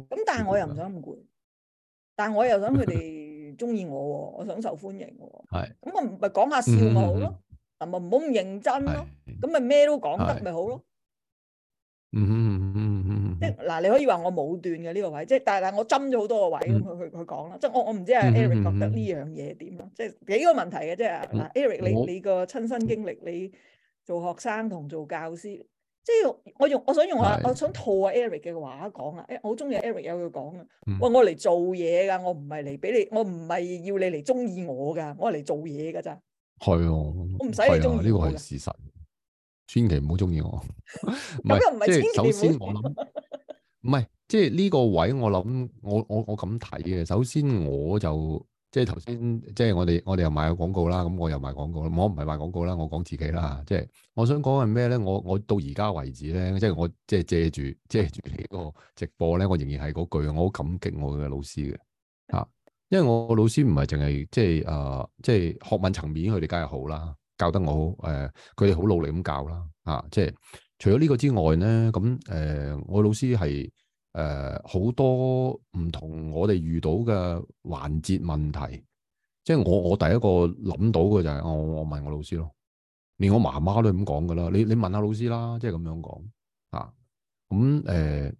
[SPEAKER 3] 咁但係我又唔想咁攰，但我又想佢哋中意我，我想受歡迎嘅。係。咁我唔係講下笑咪好咯，嗱咪唔好咁認真咯，咁咪咩都講得咪好咯。嗯嗯嗯。嗱，你可以話我冇斷嘅呢個位，即係但係但係我針咗好多個位咁去去去講啦。即係我我唔知啊，Eric 覺得呢樣嘢點咯？即係幾個問題嘅，即係嗱，Eric 你你個親身經歷，你做學生同做教師，即係我用我想用下，我想套下 Eric 嘅話講啊。誒，我好中意 Eric 有佢講啊。喂，我嚟做嘢㗎，我唔係嚟俾你，我唔係要你嚟中意我㗎，我係嚟做嘢㗎咋。
[SPEAKER 2] 係啊，我唔使你中意我，呢個係事實，千祈唔好中意我。咁又唔係，即係首先我諗。唔係，即係呢個位我我，我諗我我我咁睇嘅。首先我我，我就即係頭先，即係我哋我哋又賣廣告啦，咁我又賣廣告啦。我唔係賣廣告啦，我講自己啦。即係我想講係咩咧？我我到而家為止咧，即係我即係借住借住呢個直播咧，我仍然係嗰句，我好感激我嘅老師嘅嚇、啊。因為我老師唔係淨係即係誒，即係、呃、學問層面佢哋梗係好啦，教得我好誒，佢哋好努力咁教啦嚇、啊，即係。除咗呢個之外咧，咁誒、呃，我老師係誒好多唔同我哋遇到嘅環節問題，即係我我第一個諗到嘅就係、是、我我問我老師咯，連我媽媽都咁講噶啦。你你問下老師啦，即係咁樣講啊。咁誒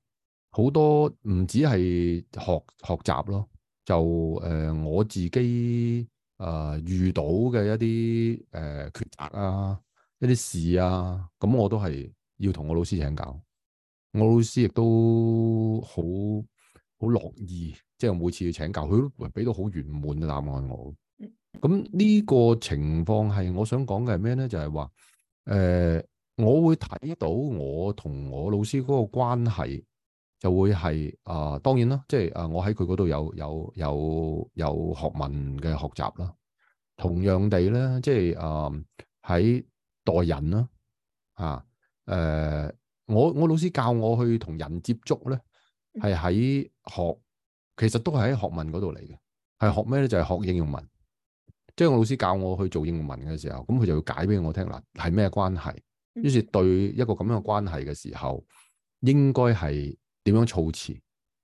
[SPEAKER 2] 好多唔止係學學習咯，就誒、呃、我自己誒、呃、遇到嘅一啲誒抉擇啊，一啲事啊，咁我都係，要同我老師請教，我老師亦都好好樂意，即係每次要請教，佢都俾到好圓滿嘅答案我。咁呢個情況係我想講嘅係咩咧？就係話誒，我會睇到我同我老師嗰個關係就會係啊、呃，當然啦，即係啊，我喺佢嗰度有有有有學問嘅學習啦，同樣地咧，即係呃、啊，喺待人啦啊。誒、呃，我我老師教我去同人接觸咧，係喺學，其實都係喺學問嗰度嚟嘅。係學咩咧？就係、是、學應用文。即、就、係、是、我老師教我去做應用文嘅時候，咁佢就要解俾我聽，嗱係咩關係？於是對一個咁樣嘅關係嘅時候，應該係點樣措辭？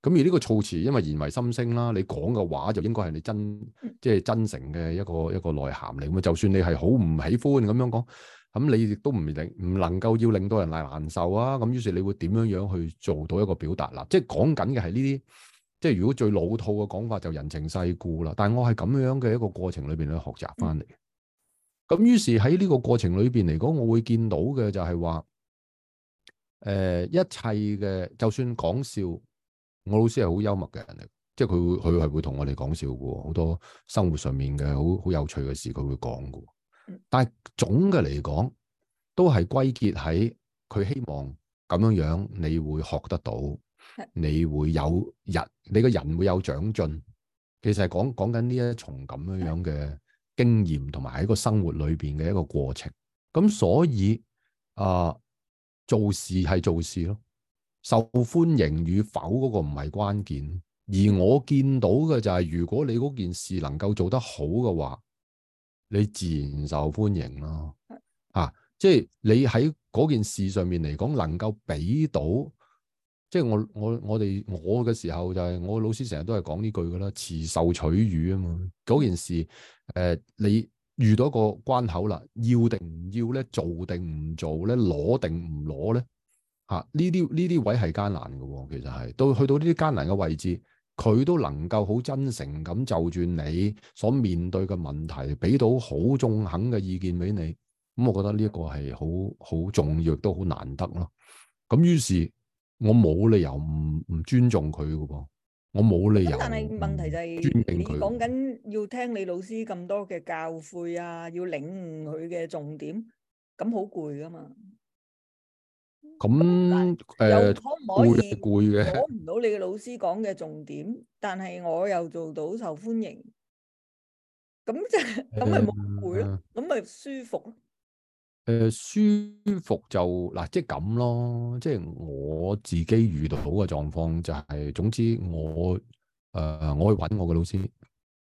[SPEAKER 2] 咁而呢個措辭，因為言為心聲啦，你講嘅話就應該係你真即係、就是、真誠嘅一個一個內涵嚟。咁啊，就算你係好唔喜歡咁樣講。咁你亦都唔令唔能夠要令到人嚟難受啊！咁於是你會點樣樣去做到一個表達啦？即係講緊嘅係呢啲，即係如果最老套嘅講法就人情世故啦。但係我係咁樣嘅一個過程裏邊去學習翻嚟嘅。咁於是喺呢個過程裏邊嚟講，我會見到嘅就係話，誒、呃、一切嘅就算講笑，我老師係好幽默嘅人嚟，即係佢會佢係會同我哋講笑㗎，好多生活上面嘅好好有趣嘅事佢會講㗎。但係總嘅嚟講，都係歸結喺佢希望咁樣樣，你會學得到，你會有人，你個人會有長進。其實係講講緊呢一重咁樣樣嘅經驗，同埋喺個生活裏邊嘅一個過程。咁所以啊，做事係做事咯，受歡迎與否嗰個唔係關鍵。而我見到嘅就係，如果你嗰件事能夠做得好嘅話，你自然受歡迎咯，啊，即係你喺嗰件事上面嚟講，能夠俾到，即係我我我哋我嘅時候就係、是、我老師成日都係講呢句噶啦，辭受取予啊嘛，嗰件事，誒、呃，你遇到一個關口啦，要定唔要咧，做定唔做咧，攞定唔攞咧，嚇、啊，呢啲呢啲位係艱難嘅喎、哦，其實係到去到呢啲艱難嘅位置。佢都能夠好真誠咁就住你所面對嘅問題，俾到好中肯嘅意見俾你。咁我覺得呢一個係好好重要，都好難得咯。咁於是，我冇理由唔唔尊重佢㗎噃，我冇理由
[SPEAKER 1] 但係
[SPEAKER 3] 問題就係、是、你講緊要聽你老師咁多嘅教訓啊，要領悟佢嘅重點，咁好攰噶嘛。
[SPEAKER 1] 咁誒，攰攰嘅，我捉唔
[SPEAKER 3] 到你嘅老師講嘅重點， 但係我又做到受歡迎，咁即係咁咪冇咁攰咯，咁咪舒服咯。
[SPEAKER 2] 誒、嗯，舒服就嗱，即係咁咯，即係我自己遇到好嘅狀況就係，總之我誒、呃，我去搵我嘅老師，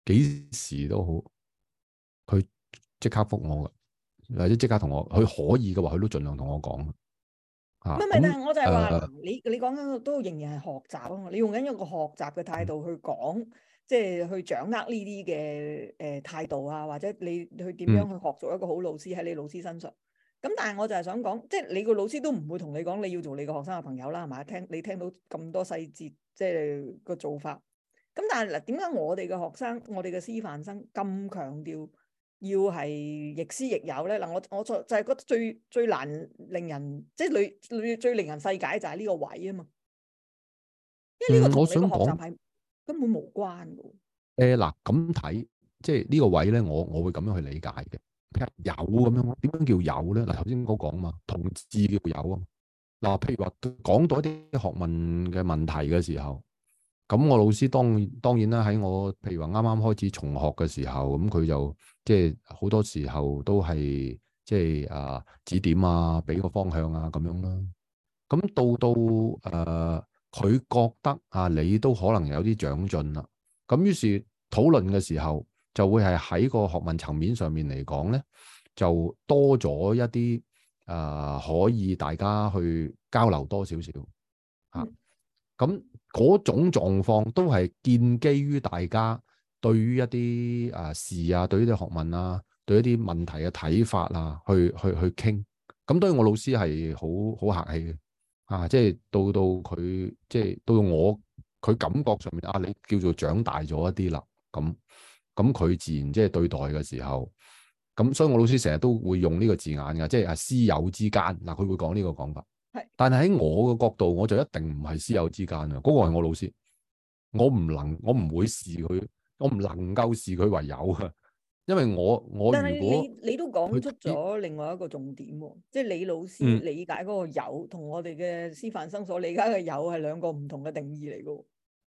[SPEAKER 2] 幾時都好，佢即刻覆我嘅，或者即刻同我，佢可以嘅話，佢都盡量同我講。唔係、啊、但係我就係話、
[SPEAKER 3] 嗯、你你講緊都仍然係學習啊嘛！你用緊一個學習嘅態度去講，嗯、即係去掌握呢啲嘅誒態度啊，或者你去點樣去學做一個好老師喺你老師身上。咁但係我就係想講，即係你個老師都唔會同你講你要做你個學生嘅朋友啦，係咪？你聽你聽到咁多細節，即係個做法。咁但係嗱，點解我哋嘅學生，我哋嘅師範生咁強調？要係亦師亦友咧嗱，我我就就係覺得最最難令人即係最最最令人費解就係呢個位啊嘛，因為呢
[SPEAKER 1] 個我
[SPEAKER 2] 想講係
[SPEAKER 3] 根本無關嘅。
[SPEAKER 2] 誒嗱、嗯，咁睇、呃、即係呢個位咧，我我會咁樣去理解嘅。譬如有咁樣，點樣叫友咧？嗱，頭先我講啊嘛，同志叫友啊。嗱，譬如話講到一啲學問嘅問題嘅時候。咁我老師當然當然啦，喺我譬如話啱啱開始重學嘅時候，咁佢就即係好多時候都係即係啊指點啊，俾個方向啊咁樣啦。咁到到誒，佢、呃、覺得啊，你都可能有啲長進啦。咁於是討論嘅時候，就會係喺個學問層面上面嚟講咧，就多咗一啲啊、呃，可以大家去交流多少少吓，咁、啊。嗰種狀況都係建基於大家對於一啲啊事啊，對於啲學問啊，對於一啲問題嘅睇法啊，去去去傾。咁當然我老師係好好客氣嘅，啊，即係到到佢，即係到到我，佢感覺上面啊，你叫做長大咗一啲啦。咁咁佢自然即係對待嘅時候，咁所以我老師成日都會用呢個字眼嘅，即係啊師友之間嗱，佢，啊，會講呢個講法。但係喺我嘅角度，我就一定唔係師友之間啊！嗰、嗰個係我老師，我唔能，我唔會視佢，我唔能夠視佢為友啊！因為我我但係你
[SPEAKER 1] 你
[SPEAKER 3] 都講出咗另外一個重點喎，即係你老師理解嗰個友，同、嗯、我哋嘅師範生所理解嘅友係兩個唔同嘅定義嚟嘅。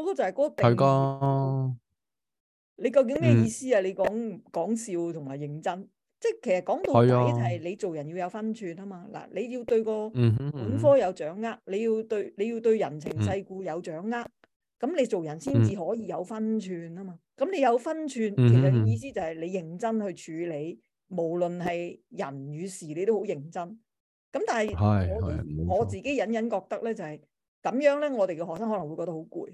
[SPEAKER 3] 個就係個病，係
[SPEAKER 1] 個
[SPEAKER 3] 的。你究竟咩意思啊？嗯、你講講笑同埋認真，即係其實講到底就係你做人要有分寸啊的嘛。嗱，你要對個本科有掌握，你要對你要對人情世故有掌握，咁、嗯、你做人先至可以有分寸啊、嗯、嘛。咁你有分寸，其實意思就係你認真去處理，無論係人與事，你都好認真。咁但係，係我自己隱隱覺得咧，就係、是、咁樣咧，我哋嘅學生可能會覺得好攰。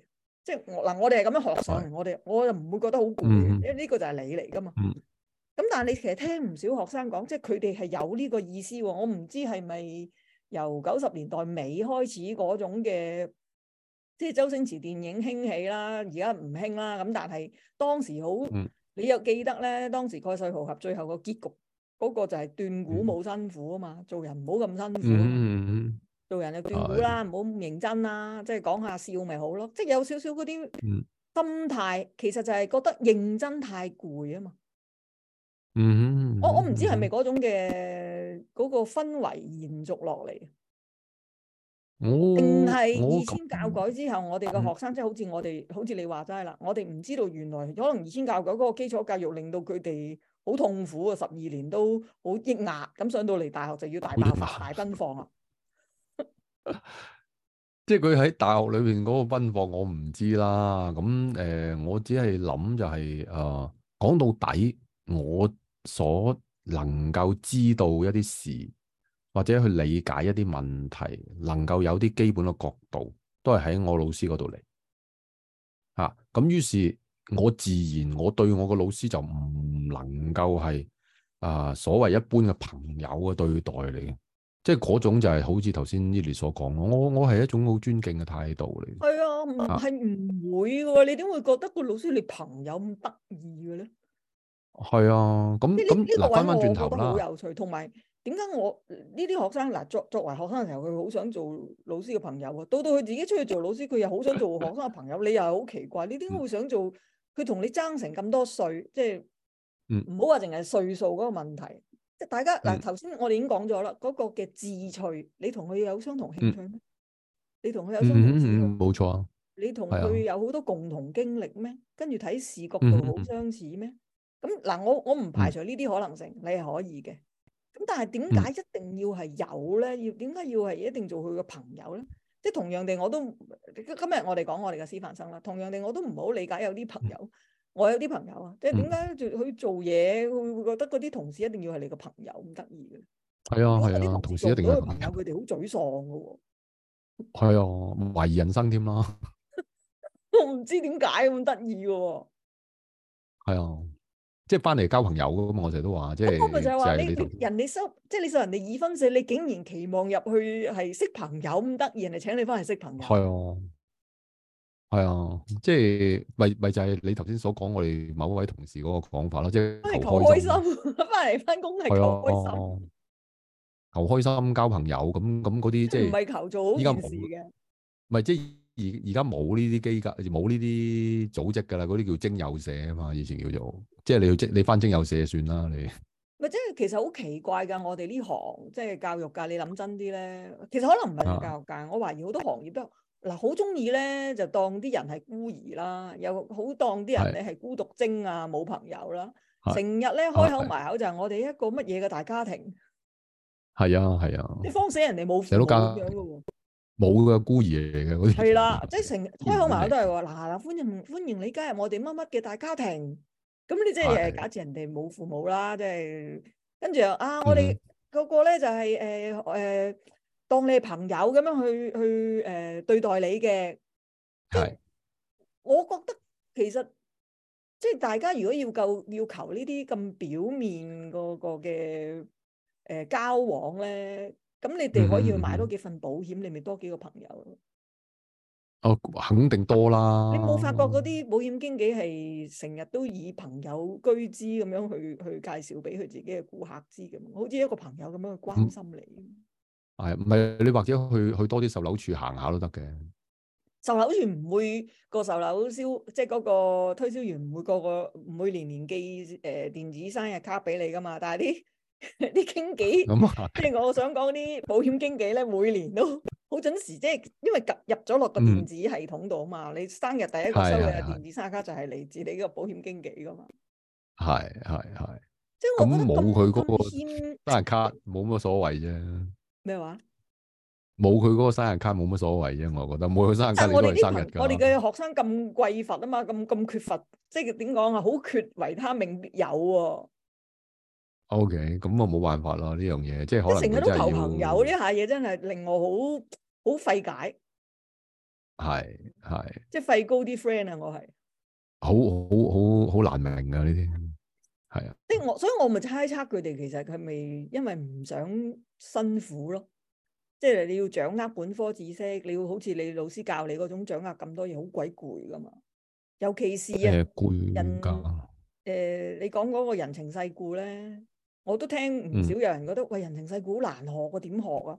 [SPEAKER 3] 即係我嗱，我哋係咁樣學上我哋我就唔會覺得好攰，嗯、因為呢個就係你嚟㗎嘛。咁、嗯、但係你其實聽唔少學生講，即係佢哋係有呢個意思喎。我唔知係咪由九十年代尾開始嗰種嘅，即係周星馳電影興起啦，而家唔興啦。咁但係當時好，嗯、你又記得咧？當時《蓋世豪俠》最後個結局嗰、嗰個就係斷股冇辛苦啊嘛，嗯、做人唔好咁辛苦。嗯嗯做人就斷估啦，唔好認真啦，即係講下笑咪好咯，即係有少少嗰啲心態，嗯、其實就係覺得認真太攰啊嘛。嗯，
[SPEAKER 1] 嗯我，
[SPEAKER 3] 我我唔知係咪嗰種嘅嗰、嗰個氛圍延續落嚟。
[SPEAKER 1] 定係二千
[SPEAKER 3] 教改之後，哦、我哋嘅學生、嗯、即係好似我哋，好似你話齋啦，我哋唔知道原來可能二千教改嗰個基礎教育令到佢哋好痛苦啊，十二年都好抑壓，咁上到嚟大學就要大爆發、大奔放啊。
[SPEAKER 2] 即係佢喺大學裏邊嗰個溫課，我唔知啦。咁誒、呃，我只係諗就係、是、誒、呃，講到底，我所能夠知道一啲事，或者去理解一啲問題，能夠有啲基本嘅角度，都係喺我老師嗰度嚟。吓、啊、咁，於是我自然我對我個老師就唔能夠係啊、呃、所謂一般嘅朋友嘅對待嚟嘅。即係嗰種就係好似頭先伊研所講咯，我我係一種好尊敬嘅態度嚟。係啊，唔係
[SPEAKER 3] 唔會嘅喎，你點會覺得個老師你朋友咁得意嘅咧？
[SPEAKER 2] 係啊，咁咁嗱，翻返轉頭好有
[SPEAKER 3] 趣，同埋點解我呢啲學生嗱作作為學生嘅時候，佢好想做老師嘅朋友啊。到到佢自己出去做老師，佢又好想做學生嘅朋友。 你又好奇怪，你點解會想做？佢同、嗯、你爭成咁多歲，即係嗯，唔好話淨係歲數嗰個問題。即係大家嗱，頭先我哋已經講咗啦，嗰、嗯、個嘅志趣，你同佢有相同興趣咩？嗯、你同佢有相同志
[SPEAKER 2] 趣，冇錯啊。嗯、錯
[SPEAKER 3] 你同佢有好多共同經歷咩？跟住睇視角度好相似咩？咁嗱、嗯，我我唔排除呢啲可能性，嗯、你係可以嘅。咁但係點解一定要係有咧？嗯、要點解要係一定做佢嘅朋友咧？即係同樣地，我都今日我哋講我哋嘅師範生啦。同樣地，我都唔好理解有啲朋友。嗯我有啲朋友啊，即係點解去做嘢，會、嗯、會覺得嗰啲同事一定要係你個朋友咁得意
[SPEAKER 2] 嘅？係啊，係啊，同事一定要朋
[SPEAKER 3] 友，佢哋好沮喪㗎喎。
[SPEAKER 2] 係啊，懷疑人生添啦。
[SPEAKER 3] 我唔知點解咁得意嘅
[SPEAKER 2] 喎。係啊，即係翻嚟交朋友㗎嘛，我成日都話即係。咪就係話你，你
[SPEAKER 3] 人哋收，即係你收人哋二分四，你竟然期望入去係識朋友咁得意，人哋請你翻嚟識朋友。係啊。
[SPEAKER 2] 係啊，即係咪咪就係你頭先所講我哋某一位同事嗰個講法咯，即係求，求開心，
[SPEAKER 1] 翻嚟翻工係求開心，啊、
[SPEAKER 2] 求開心交朋友咁咁嗰啲即係唔係求做好件事嘅，唔係即係而而家冇呢啲機構，冇呢啲組織噶啦，嗰啲叫精友社啊嘛，以前叫做，即係你要征你翻精友社算啦，你
[SPEAKER 3] 咪即係其實好奇怪噶，我哋呢行即係教育噶，你諗真啲咧，其實可能唔係教育噶，的我懷疑好多行業都。嗱，好中意咧，就當啲人係孤兒啦，又好當啲人咧係孤獨精啊，冇朋友啦，成日咧開口埋口就係我哋一個乜嘢嘅大家庭。
[SPEAKER 2] 係啊係啊，你
[SPEAKER 3] 方死人哋冇父母。你都加。
[SPEAKER 2] 冇噶孤兒嚟嘅，嗰啲係
[SPEAKER 3] 啦，即係成開口埋口都係話嗱嗱，歡迎歡迎你加入我哋乜乜嘅大家庭。咁你即係假設人哋冇父母啦，即係跟住又啊，我哋嗰個咧就係誒誒。當你係朋友咁樣去去誒、呃、對待你嘅，係是我覺得其實即係大家如果要夠要求呢啲咁表面嗰個嘅誒交往咧，咁你哋可以去買多幾份保險，嗯、你咪多幾個朋友。
[SPEAKER 2] 哦，肯定多啦！你冇發
[SPEAKER 3] 覺嗰啲保險經紀係成日都以朋友居之咁樣去去介紹俾佢自己嘅顧客知嘅，好似一個朋友咁樣去關心你。嗯
[SPEAKER 2] 係唔係你或者去去多啲售樓處行下都得嘅
[SPEAKER 3] 售樓處唔會個售樓銷即係嗰個推銷員唔會個個每年年寄誒電子生日卡俾你噶嘛？但係啲啲經紀即係我想講啲保險經紀咧，每年都好準時，即係因為入咗落個電子系統度啊嘛。你生日第一個收嘅係電子生日卡，就係嚟自你個保險經紀噶嘛。
[SPEAKER 2] 係係係即係咁冇佢嗰個生日卡，冇乜所謂啫。咩話？冇佢嗰個生日卡，冇乜所謂啫。我覺得冇佢生日卡都係生日卡。我哋啲朋，我哋嘅
[SPEAKER 3] 學生咁匱乏啊嘛，咁咁缺乏，即係點講啊？好缺維他命有，
[SPEAKER 2] 啊。OK，咁啊冇辦法啦，呢樣嘢即係可能成日都求朋友呢下
[SPEAKER 3] 嘢，真係令我好好費解。
[SPEAKER 2] 係係。
[SPEAKER 3] 即係費高啲 friend 啊！我係。
[SPEAKER 2] 好好好好難明㗎！呢啲。係
[SPEAKER 3] 啊，即係、嗯、我，所以我咪猜測佢哋其實佢咪因為唔想辛苦咯，即係你要掌握本科知識，你要好似你老師教你嗰種掌握咁多嘢，好鬼攰噶嘛，尤其是啊，
[SPEAKER 1] 攰人，誒、
[SPEAKER 3] 呃呃，你講嗰個人情世故咧，我都聽唔少有人覺得、嗯、喂，人情世故難學啊，點學啊？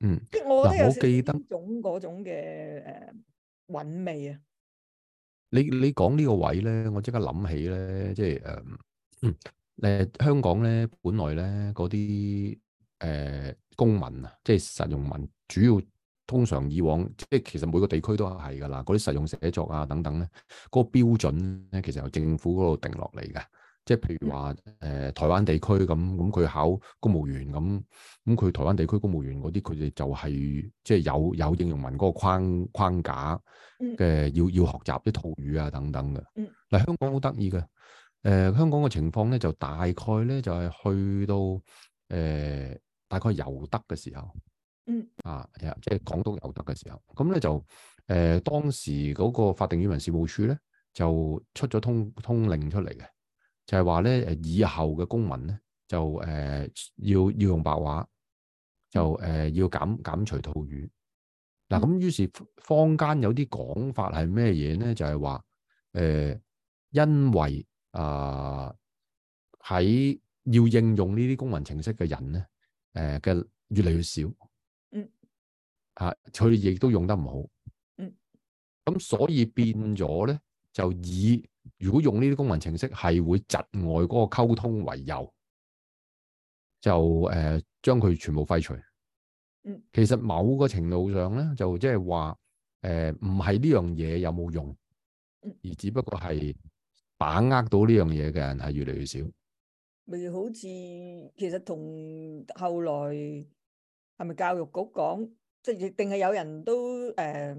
[SPEAKER 2] 嗯，我嗱，我記得
[SPEAKER 3] 種嗰種嘅誒韻味啊。
[SPEAKER 2] 你你講呢個位咧，我即刻諗起咧，即係誒，誒、嗯呃，香港咧本來咧嗰啲誒公文啊，即係實用文，主要通常以往，即係其實每個地區都係噶啦，嗰啲實用寫作啊等等咧，嗰個標準咧，其實由政府嗰度定落嚟噶。即係譬如話，誒、呃、台灣地區咁，咁、嗯、佢考公務員咁，咁、嗯、佢台灣地區公務員嗰啲，佢哋就係、是、即係有有應用文嗰個框框架嘅，要要學習啲套語啊等等嘅。嗱，香港好得意嘅，誒、呃、香港嘅情況咧就大概咧就係、是、去到誒、呃、大概由得嘅時候，嗯、啊，即係廣東由得嘅時候，咁咧就誒、呃、當時嗰個法定語文事務處咧就出咗通通令出嚟嘅。就係話咧，誒，以後嘅公文咧，就誒、呃、要要用白話，就誒、呃、要減減除套語。嗱、啊，咁於是坊間有啲講法係咩嘢咧？就係、是、話，誒、呃，因為啊，喺、呃、要應用呢啲公文程式嘅人咧，誒、呃、嘅越嚟越少。嗯。啊，佢亦都用得唔好。
[SPEAKER 1] 嗯。
[SPEAKER 2] 咁所以變咗咧，就以。如果用呢啲公文程式，係會窒礙嗰個溝通為由，就誒將佢全部廢除。嗯，其實某個程度上咧，就即係話誒唔係呢樣嘢有冇用，而只不過係把握到呢樣嘢嘅人係越嚟越少。
[SPEAKER 3] 咪好似其實同後來係咪教育局講，即係亦定係有人都誒、呃、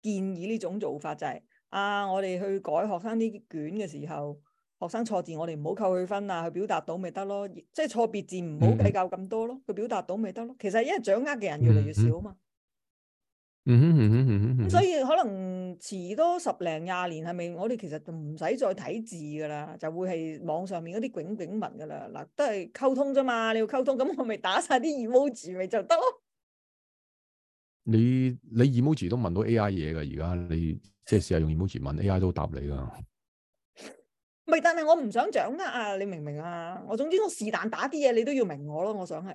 [SPEAKER 3] 建議呢種做法就係、是？啊！我哋去改學生啲卷嘅時候，學生錯字我哋唔好扣佢分啊，去表達到咪得咯，即係錯別字唔好計較咁多咯，佢、mm hmm. 表達到咪得咯。其實因為掌握嘅人越嚟越少啊嘛。嗯咁、mm hmm. mm
[SPEAKER 1] hmm. 所以
[SPEAKER 3] 可能遲多十零廿年係咪？我哋其實就唔使再睇字噶啦，就會係網上面嗰啲囧囧文噶啦。嗱，都係溝通啫嘛，你要溝通，咁我咪打晒啲 emoji 咪就得咯。
[SPEAKER 2] 你你 emoji 都問到 AI 嘢噶，而家你即係試下用 emoji 問 AI 都答你噶。
[SPEAKER 3] 唔係，但係我唔想掌握啊！你明唔明啊？我總之我是但打啲嘢，你都要明我咯。我想係。
[SPEAKER 2] 誒、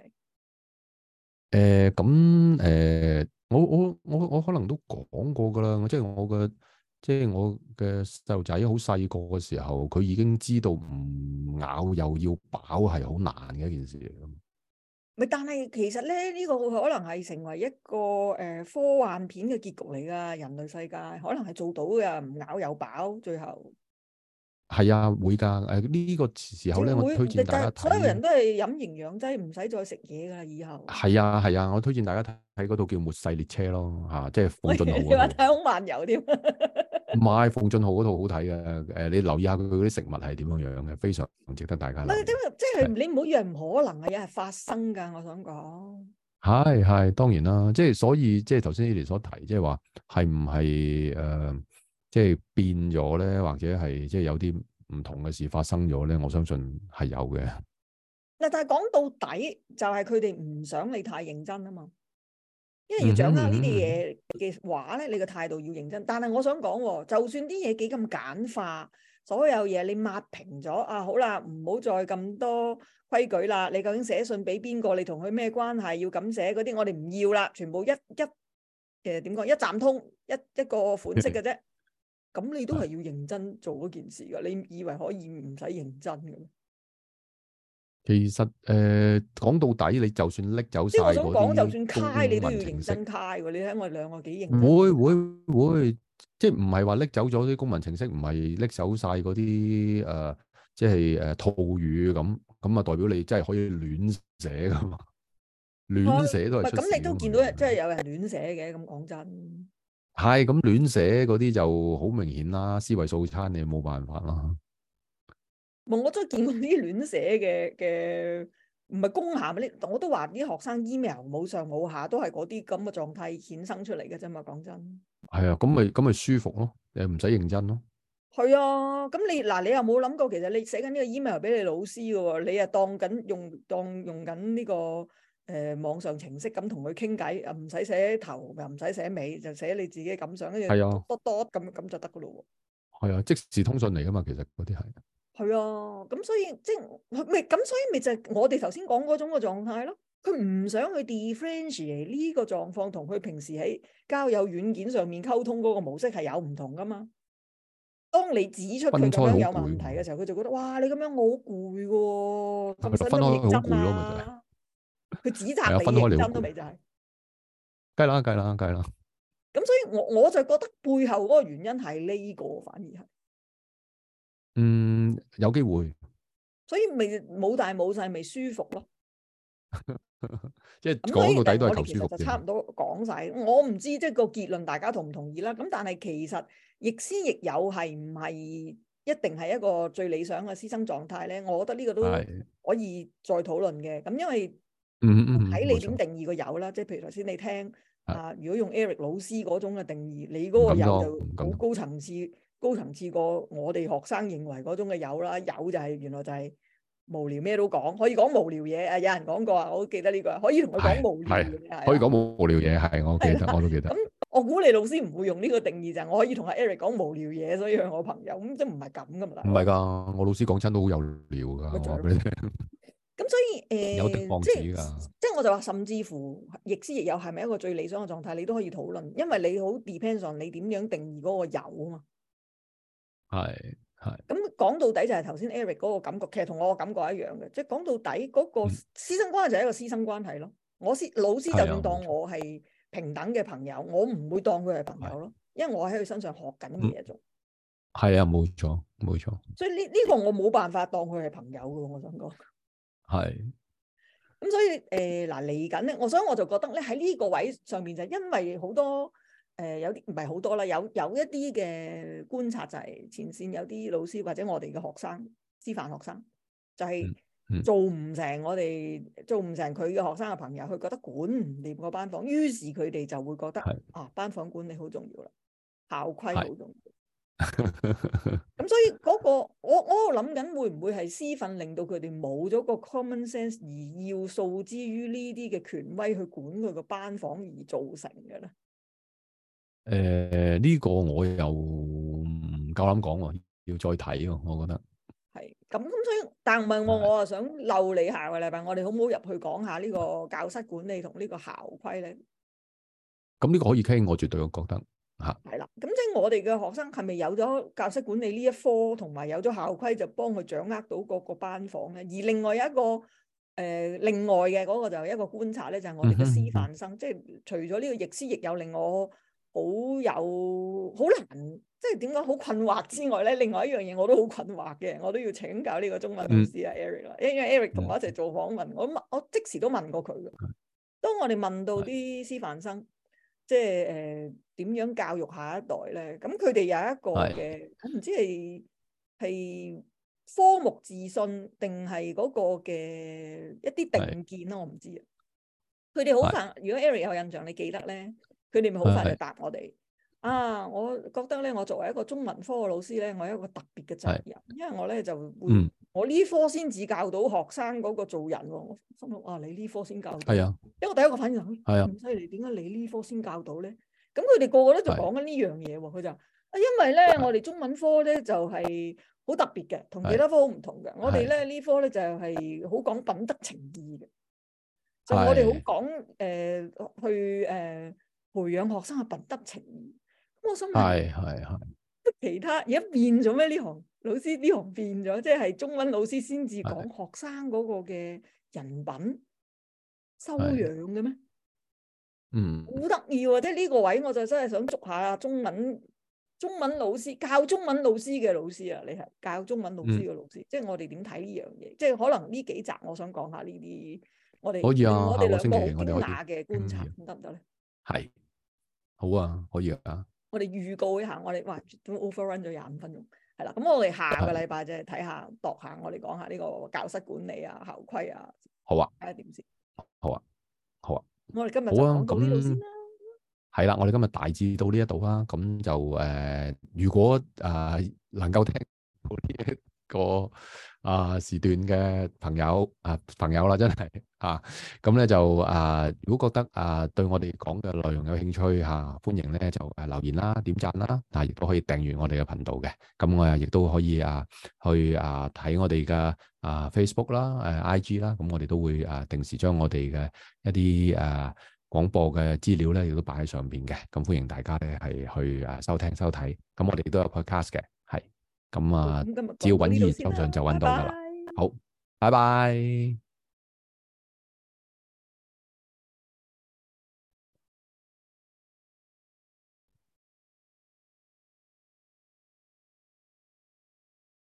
[SPEAKER 2] 呃，咁誒、呃，我我我我可能都講過噶啦。即係我嘅，即係我嘅細路仔好細個嘅時候，佢已經知道唔咬又要飽係好難嘅一件事嚟噶。
[SPEAKER 3] 咪但係其實咧，呢、這個可能係成為一個誒、呃、科幻片嘅結局嚟㗎，人類世界可能係做到㗎，唔餓又飽，最後。
[SPEAKER 2] 係啊會噶誒、這、呢個時候咧會，我推薦大家睇。好多人
[SPEAKER 3] 都係飲營養劑，唔使再食嘢噶啦，以後。
[SPEAKER 2] 係啊係啊，我推薦大家睇睇嗰套叫末世列車咯，吓、啊，即係奉俊昊。你話
[SPEAKER 3] 太空漫遊添？
[SPEAKER 2] 唔係奉俊昊嗰套好睇嘅，誒，你留意下佢嗰啲食物係點樣樣嘅，非常值得大家。唔，
[SPEAKER 3] 即係，你唔好以為唔可能啊，的有係發生噶，我想講。
[SPEAKER 2] 係係，當然啦，即係所以，即係頭先你哋所提，即係話係唔係誒。呃即係變咗咧，或者係即係有啲唔同嘅事發生咗咧。我相信係有嘅
[SPEAKER 3] 嗱，但係講到底就係佢哋唔想你太認真啊嘛。
[SPEAKER 2] 因為要掌握呢啲嘢
[SPEAKER 3] 嘅話咧，你嘅態度要認真。但係我想講，就算啲嘢幾咁簡化，所有嘢你抹平咗啊，好啦，唔好再咁多規矩啦。你究竟寫信俾邊個？你同佢咩關係？要咁寫嗰啲，我哋唔要啦，全部一一，其實點講？一站通，一一個款式嘅啫。咁你都係要認真做嗰件事噶，你以為可以唔使認真嘅？
[SPEAKER 2] 其實誒講到底，你就算拎走曬嗰啲公民程式，你都要認真
[SPEAKER 3] 㗎喎。你睇我哋兩個幾認真？會
[SPEAKER 2] 會會，即係唔係話拎走咗啲公民程式？唔係拎走曬嗰啲誒，即係誒套語咁，咁啊代表你真係可以亂寫噶嘛？亂寫都係。唔係咁，你
[SPEAKER 3] 都見到即係有人亂寫嘅，咁講真。
[SPEAKER 2] 係咁亂寫嗰啲就好明顯啦，思維素餐你冇辦法咯。
[SPEAKER 3] 冇，我都見過啲亂寫嘅嘅，唔係公函嗰啲，我都話啲學生 email 冇上冇下，都係嗰啲咁嘅狀態衍生出嚟嘅啫嘛。講真，
[SPEAKER 2] 係啊，咁咪咁咪舒服咯，誒，唔使認真咯。
[SPEAKER 3] 係啊，咁你嗱、啊，你又冇諗過，其實你寫緊呢個 email 俾你老師嘅，你又當緊用當用緊呢個。誒網上程式咁同佢傾偈，又唔使寫頭，又唔使寫尾，就寫你自己感想，跟住多多咁咁就得噶咯
[SPEAKER 2] 喎。係啊，即時通訊嚟噶嘛，其實嗰啲係。係啊，咁、啊、
[SPEAKER 3] 所以即係咪咁所以咪就係我哋頭先講嗰種個狀態咯。佢唔想去 differentiate 呢個狀況同佢平時喺交友軟件上面溝通嗰個模式係有唔同噶嘛。當你指出佢咁樣有問題嘅時候，佢就覺得哇！你咁樣我好攰喎，係咪？心好攰
[SPEAKER 2] 咪
[SPEAKER 1] 就啊、係。
[SPEAKER 3] 佢指責你，認真都未就係。
[SPEAKER 2] 計啦，計啦，計啦。
[SPEAKER 3] 咁所以我，我我就覺得背後嗰個原因係呢個，反而係。嗯，
[SPEAKER 2] 有機會。
[SPEAKER 3] 所以咪冇大冇細，未舒服咯。
[SPEAKER 2] 即係講到底都係投資。就
[SPEAKER 3] 差唔多講晒。我唔知即係個結論，大家同唔同意啦？咁但係其實亦師亦友係唔係一定係一個最理想嘅師生狀態咧？我覺得呢個都可以再討論嘅。咁因為。
[SPEAKER 1] 嗯嗯嗯，睇你點
[SPEAKER 3] 定義個友啦，即係譬如頭先你聽啊，如果用 Eric 老師嗰種嘅定義，你嗰個友就好高層次，高層次過我哋學生認為嗰種嘅友啦。友就係原來就係無聊咩都講，可以講無聊嘢啊。有人講過啊，我記得呢個，可以同佢講無聊，係可以
[SPEAKER 2] 講無無聊嘢，係我記得，我都記得。
[SPEAKER 3] 咁我估你老師唔會用呢個定義，就係我可以同阿 Eric 講無聊嘢，所以係我朋友咁，即係唔係咁噶嘛。
[SPEAKER 2] 唔係噶，我老師講親都好有料噶。
[SPEAKER 3] 咁所以誒、呃，即係即係，我就話，甚至乎，亦師亦友係咪一個最理想嘅狀態？你都可以討論，因為你好 depend on 你點樣定義嗰個友啊嘛。
[SPEAKER 1] 係係。
[SPEAKER 3] 咁講到底就係頭先 Eric 嗰個感覺，其實同我嘅感覺一樣嘅。即係講到底嗰、嗰個師生關係就係一個師生關係咯。嗯、我師老師就算、啊、當我係平等嘅朋友，我唔會當佢係朋友咯，是因為我喺佢身上學緊嘅嘢仲
[SPEAKER 2] 係啊，冇錯冇錯。錯，
[SPEAKER 3] 所以呢呢個我冇辦法當佢係朋友㗎，我想講。係，咁是、嗯、所以誒嗱嚟緊咧，我、呃、所以我就覺得咧喺呢個位上邊就因為好多誒有啲唔係好多啦，有有，有一啲嘅觀察就係前線有啲老師或者我哋嘅學生，師範學生就係做唔成我哋、嗯嗯、做唔成佢嘅學生嘅朋友，佢覺得管唔掂個班房，於是佢哋就會覺得是啊，班房管理好重要啦，校規好重要。咁 所以嗰、那個我我諗緊會唔會係私訓令到佢哋冇咗個 common sense 而要訴之於呢啲嘅權威去管佢個班房而造成嘅咧？
[SPEAKER 2] 誒、呃、呢，這個我又唔夠膽講喎，要再睇喎，我覺得
[SPEAKER 3] 係咁咁。所以但係我的我啊想漏你下個禮拜，我哋好唔好入去講下呢個教室管理同呢個校規咧？
[SPEAKER 2] 咁呢個可以傾，我絕對我覺得。
[SPEAKER 3] 係啦，咁即係我哋嘅學生係咪有咗教室管理呢一科，同埋有咗校規，就幫佢掌握到嗰個班房咧？而另外一個誒、呃，另外嘅嗰個就係一個觀察咧，就係、是、我哋嘅師範生，即係、嗯、哼除咗呢個亦師亦友令我好有好難，即係點講好困惑之外咧，另外一樣嘢我都好困惑嘅，我都要請教呢個中文老師啊、嗯、Eric 啦，因為 Eric 同我一齊做訪問，嗯、我問我即時都問過佢嘅。當我哋問到啲師範生。嗯嗯即係誒，點、呃、樣教育下一代咧？咁佢哋有一個嘅，是我唔知係係科目自信定係嗰個嘅一啲定見咯，是我唔知。
[SPEAKER 2] 佢哋好快，
[SPEAKER 3] 是如果 Eric 有印象，你記得咧，佢哋咪好快就答我哋。是啊，我覺得咧，我作為一個中文科嘅老師咧，我有一個特別嘅責任，是因為我咧就會。嗯我呢科先至教到學生嗰個做人喎，我心諗啊，你呢科先教到，的因為我第一個反應係咁犀利，點解你呢科先教到咧？咁佢哋個個都就講緊呢樣嘢喎，佢就啊，因為咧的我哋中文科咧就係好特別嘅，同
[SPEAKER 1] 其他科好唔同嘅。的我哋咧
[SPEAKER 3] 呢科咧的就係好講品德情義嘅，
[SPEAKER 1] 就我哋好
[SPEAKER 3] 講誒的、呃、去誒、呃、培養學生嘅品德情義。咁我心諗係係係，的即其他而家變咗咩呢行？的老師呢行變咗，即係中文老師先至講學生嗰個嘅人品的修養嘅咩？嗯，好得意喎！即係呢個位，我就真係想捉下中文中文老師教中文老師嘅老師啊！你係教中文老師嘅老師，嗯、即係我哋點睇呢樣嘢？即係可能呢幾集我講，我想講下呢啲我哋。可以啊，我哋兩個好驚訝嘅觀察，得唔得咧？
[SPEAKER 2] 係、嗯嗯、好啊，可以啊。
[SPEAKER 3] 我哋預告一下，我哋哇，都 overrun 咗廿五分鐘。係啦，咁我哋下個禮拜即係，睇下度下，度下我哋講下呢個教室管理啊、校規啊，好啊，睇下點先
[SPEAKER 2] 看看。好啊，好啊。我哋今日好啊，咁係啦，我哋今日大致到呢一度啦。咁就誒、呃，如果誒、呃、能夠聽到，個啊時段嘅朋友啊朋友啦，真係啊咁咧就啊如果覺得啊對我哋講嘅內容有興趣吓、啊，歡迎咧就誒留言啦、點讚啦，啊亦都可以訂閱我哋嘅頻道嘅。咁我啊亦都可以啊去啊睇我哋嘅啊 Facebook 啦、誒、啊、IG 啦。咁、啊、我哋都會啊定時將我哋嘅一啲誒、啊、廣播嘅資料咧，亦都擺喺上邊嘅。咁、啊、歡迎大家咧係去誒、啊、收聽收睇。咁、啊、我哋都有 Podcast 嘅。咁啊，只要揾熱頭上就揾到噶啦。拜拜。好，拜拜。